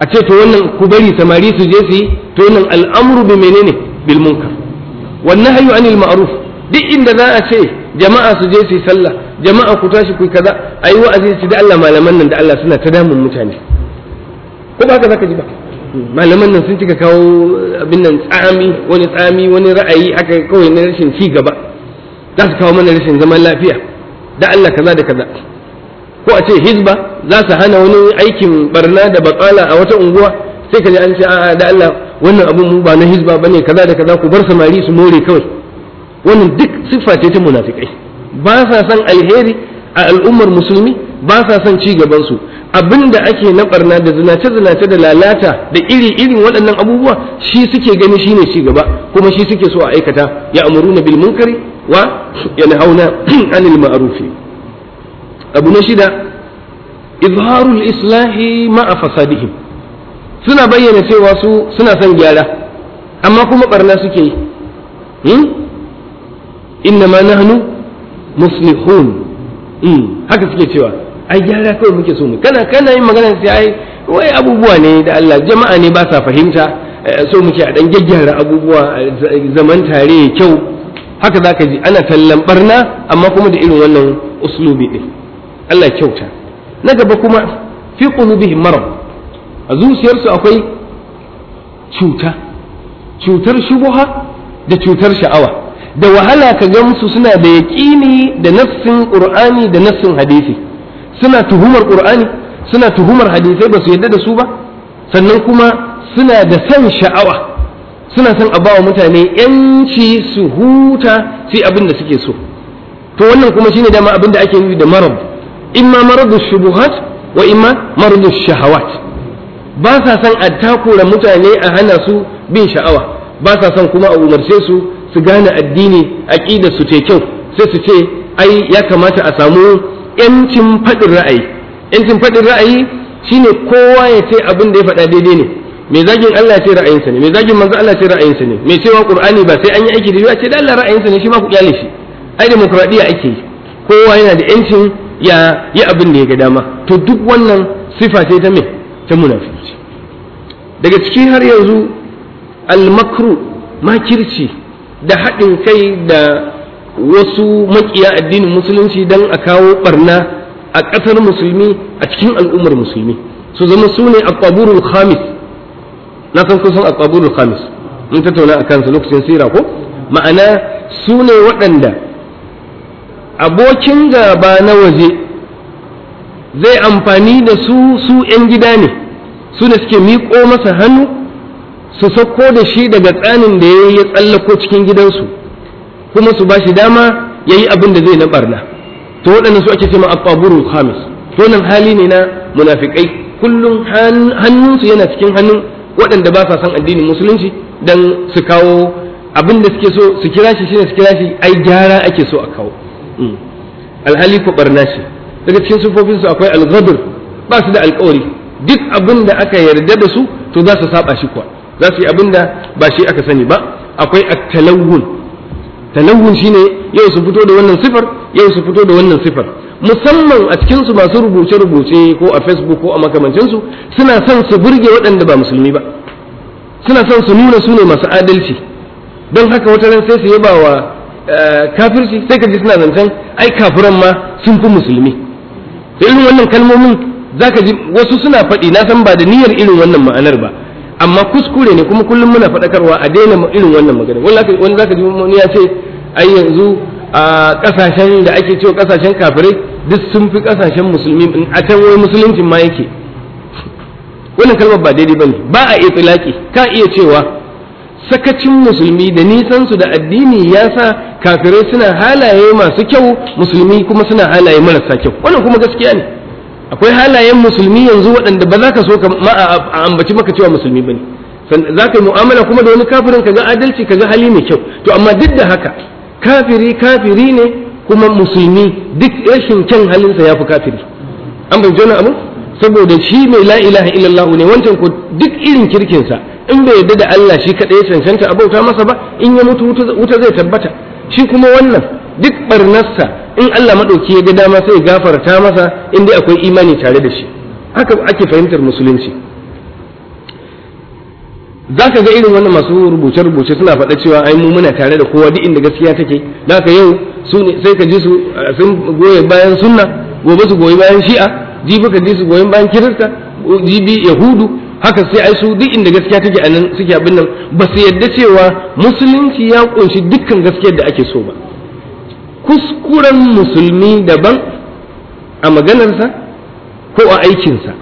a ce to wannan ku bari samari su je su yi to wannan al'amru bi menene bil munkar wannan hayu anil ma'ruf duk inda za a ce jama'a su je su yi sallah jama'a ku tashi ku kaza ayi wa'azi ci da Allah malaman nan da Allah suna ta damun mutane ko ba ka zaka ji ba malaman nan sun cika kawo abin nan tsami wani tsami wani ra'ayi haka kawai na rashin ci gaba za su kawo mana rashin zaman lafiya da Allah kaza da kaza ko a ce hizba za su hana wani aikin barna da bakala a wata unguwa sai ka ji an ce a'a da Allah wannan abun mu ba na hizba bane kaza da kaza ku bar samari su more kawai wannan duk siffa ce ta munafikai ba sa son alheri a al'ummar musulmi ba sa son ci gaban su abinda ake na barna da zinace zinace da lalata da iri irin waɗannan abubuwa shi suke gani shine ci gaba kuma shi suke so a aikata ya amuruna bil munkari Wa anil ma'rufi Abu na shida, izharul islahi مع فسادهم suna bayyana cewa su suna son gyara amma kuma barna suke yi hmm? inna ma nahnu muslihun hmm, haka suke cewa ai gyara kawai muke so mu kana kana yin magana sai ai wai abubuwa ne da Allah jama'a ne ba sa fahimta eh, so muke a dan gyaggyara abubuwa zaman tare kyau haka za ka ji ana tallan barna amma kuma da irin wannan uslubi ɗin Allah kyauta na gaba kuma fi qulubihim marad a zuciyarsu akwai cuta cutar shubuha da cutar sha'awa da wahala ka ga musu suna da yaƙini da nassin ƙur'ani da nassin hadisi suna tuhumar ƙur'ani suna tuhumar hadisai ba su yadda da su ba sannan kuma suna da san sha'awa suna son a bawa mutane yanci su huta su abin da suke so to wannan kuma shine dama abin da ake yi da marab imma maradu shubuhat wa imma maradu shahawat ba sa son a takura mutane a hana su bin sha'awa ba sa son kuma a umarce su su gane addini aqida su ce kyau sai su ce ai ya kamata a samu yancin faɗin ra'ayi yancin faɗin ra'ayi shine kowa ya ce abin da ya faɗa daidai ne mai zagin Allah ce ra'ayinsa ne mai zagin manzo Allah ce ra'ayinsa ne mai cewa qur'ani ba sai an yi aiki da shi ce da Allah ra'ayinsa ne shi ma ku kyale shi ai demokradiya ake yi kowa yana da yancin ya yi abin da ya ga dama to duk wannan sifa ce ta me ta munafiki daga ciki har yanzu al-makru makirci da haɗin kai da wasu makiya addinin musulunci don a kawo barna a ƙasar musulmi a cikin al'ummar musulmi su zama sune ne a khamis na san kusan aqabul khamis mun tattauna akan su lokacin sira ko ma'ana su ne waɗanda abokin gaba na waje zai amfani da su su 'yan gida ne su da suke miƙo masa hannu su sauko da shi daga tsanin da ya yi tsallako cikin gidansu kuma su ba shi dama ya yi abin da zai na barna to waɗanda su ake cewa aqaburu khamis to nan hali ne na munafikai kullum hannunsu yana cikin hannun waɗanda ba sa son addinin musulunci don su kawo abin da suke so su kira shi shine su kira shi ai gyara ake so a kawo mm. alhali ko barna shi daga cikin sufofin su akwai alghadr ba su da alkawari duk abin da aka yarda da su to za su saba shi kuwa za su yi abin da ba shi aka sani ba akwai at-talawun talawun shine yau su fito da wannan sifar yau su fito da wannan sifar musamman a cikinsu masu rubuce-rubuce ko a facebook ko a makamancinsu suna son su burge waɗanda ba musulmi ba suna son su nuna su ne masu adalci don haka wata ran sai su yaba wa eh, kafirci sai ka ji suna zancen ai kafiran ma sun fi musulmi da irin wannan kalmomin za ka ji wasu suna faɗi na san ba da niyyar irin wannan ma'anar ba amma kuskure ne kuma kullum muna faɗakarwa a daina irin wannan magana wani za ka ji wani ya ce ai yanzu a ƙasashen da ake cewa ƙasashen kafirai duk sun fi kasashen musulmi in a can wai musuluncin ma yake wannan kalmar ba daidai bane ba a itilaki ka iya cewa sakacin musulmi da nisan su da addini ya sa kafirai suna halaye masu kyau musulmi kuma suna halaye marasa kyau wannan kuma gaskiya ne akwai halayen musulmi yanzu waɗanda ba za ka so ka ambaci maka cewa musulmi bane za ka yi mu'amala kuma da wani kafirin ka ga adalci ka ga hali mai kyau to amma duk da haka kafiri kafiri ne kuma musulmi duk rashin kyan halinsa ya fi kafiri an bai jona abu saboda shi mai la ilaha illallah ne wancan ko duk irin kirkinsa in bai yadda da Allah shi kaɗai ya cancanta a bauta masa ba in ya mutu wuta zai tabbata shi kuma wannan duk barnarsa in Allah maɗauki ya ga dama sai gafarta masa in dai akwai imani tare da shi haka ake fahimtar musulunci za ka ga irin wannan masu rubuce-rubuce suna faɗa cewa ai mu muna tare da kowa duk inda gaskiya take da yau sai ka ji su eh, sun goye bayan sunna gobe su goyi bayan shi'a jibi ka ji su goyi bayan kirista jibi yahudu haka sai ai su duk inda gaskiya take a nan suke abin nan ba su yadda cewa musulunci ya kunshi dukkan gaskiyar da ake so ba kuskuren musulmi daban a maganarsa ko a aikinsa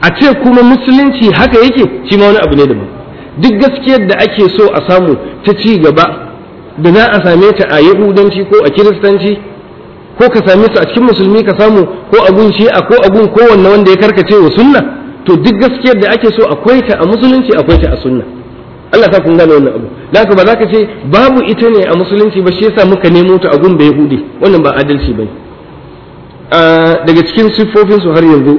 a ce kuma musulunci haka yake shi ma wani abu ne daban duk gaskiyar da ake so a samu ta ci gaba da za a same ta a yahudanci ko a kiristanci ko ka same su a cikin musulmi ka samu ko a gun shi'a ko a gun kowanne wanda ya karkace wa sunna to duk gaskiyar da ake so akwai ta a musulunci akwai ta a sunna Allah ta kun gane wannan abu da haka ba za ka ce babu ita ne a musulunci ba shi yasa muka nemo ta a gun da yahudi wannan ba adalci bane daga cikin siffofin su har yanzu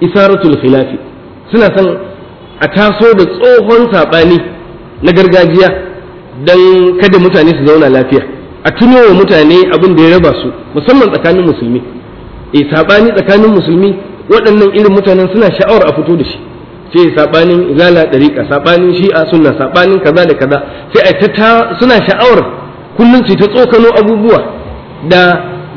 isaratul khilafi suna son a taso da tsohon sabani na gargajiya don kada mutane su zauna lafiya a tuno wa mutane abin da ya raba su musamman tsakanin musulmi e eh, sabani tsakanin musulmi waɗannan irin mutanen suna sha'awar a fito da shi ce sabanin zala dariƙa sabanin shi'a sunna sabanin kaza da kaza sai a ta suna sha'awar kullum su ta tsokano abubuwa da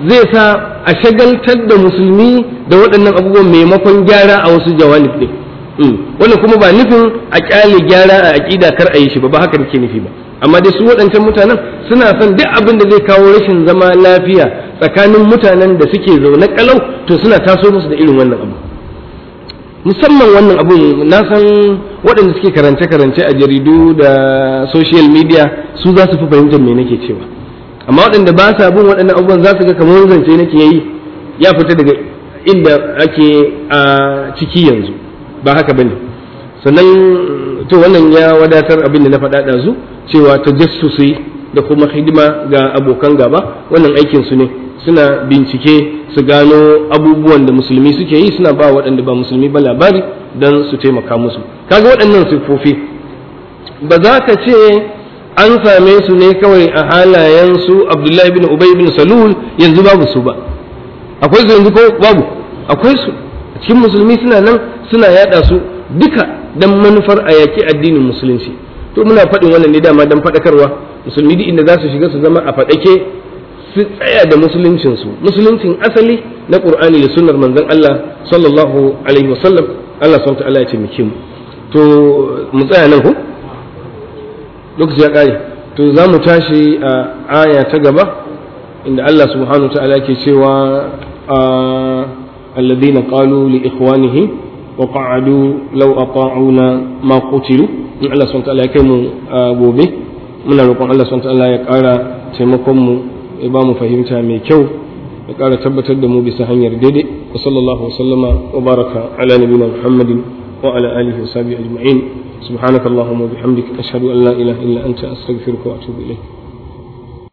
zai sa a shagaltar da musulmi da waɗannan abubuwan maimakon gyara a wasu jawanib ɗin Mm. wannan kuma ba nufin a kyale gyara a aqida kar a yi shi ba ba haka nake nufi ba amma dai su waɗancan mutanen suna son duk abin da zai kawo rashin zama lafiya tsakanin mutanen da suke zaune kalau to suna taso musu da irin wannan abu musamman wannan abu na san waɗanda suke karance-karance a jaridu da social media su za su fi fahimtar me nake cewa amma waɗanda ba sa bin waɗannan abubuwan za su ga kamar zance nake yi ya fita daga inda ake a ciki yanzu ba haka bane sannan to wannan ya wadatar abin da na faɗa ɗazu cewa ta tajassusi da kuma hidima ga abokan gaba wannan aikin su ne suna bincike su gano abubuwan da musulmi suke yi suna ba waɗanda ba musulmi ba labari don su taimaka musu kaga waɗannan siffofi ba za ka ce an same su ne kawai a halayen su abdullahi bin ubay bin salul yanzu babu su ba akwai su yanzu ko babu akwai su cikin musulmi suna nan suna yada su duka dan manufar a yaki addinin musulunci to muna faɗin wannan ne dama dan faɗakarwa musulmi duk inda za su shiga su zama a faɗake su tsaya da musuluncin su musuluncin asali na qur'ani da sunnar manzon Allah sallallahu alaihi wasallam Allah subhanahu ta'ala ya ce mu to mu tsaya nan ku lokaci ya kare to za mu tashi a aya ta gaba inda Allah subhanahu ta'ala ke cewa a ah, الذين قالوا لإخوانهم وقعدوا لو أطاعونا ما قتلوا in Allah sun ta'ala ya kai mu gobe muna roƙon Allah sun ta'ala ya ƙara taimakon mu ya ba mu fahimta mai kyau ya ƙara tabbatar da mu bisa hanyar daidai wa sallallahu wa sallama wa baraka ala nabiyina Muhammadin wa ala alihi wa sahbihi ajma'in subhanakallahumma wa bihamdika ashhadu an la ilaha illa anta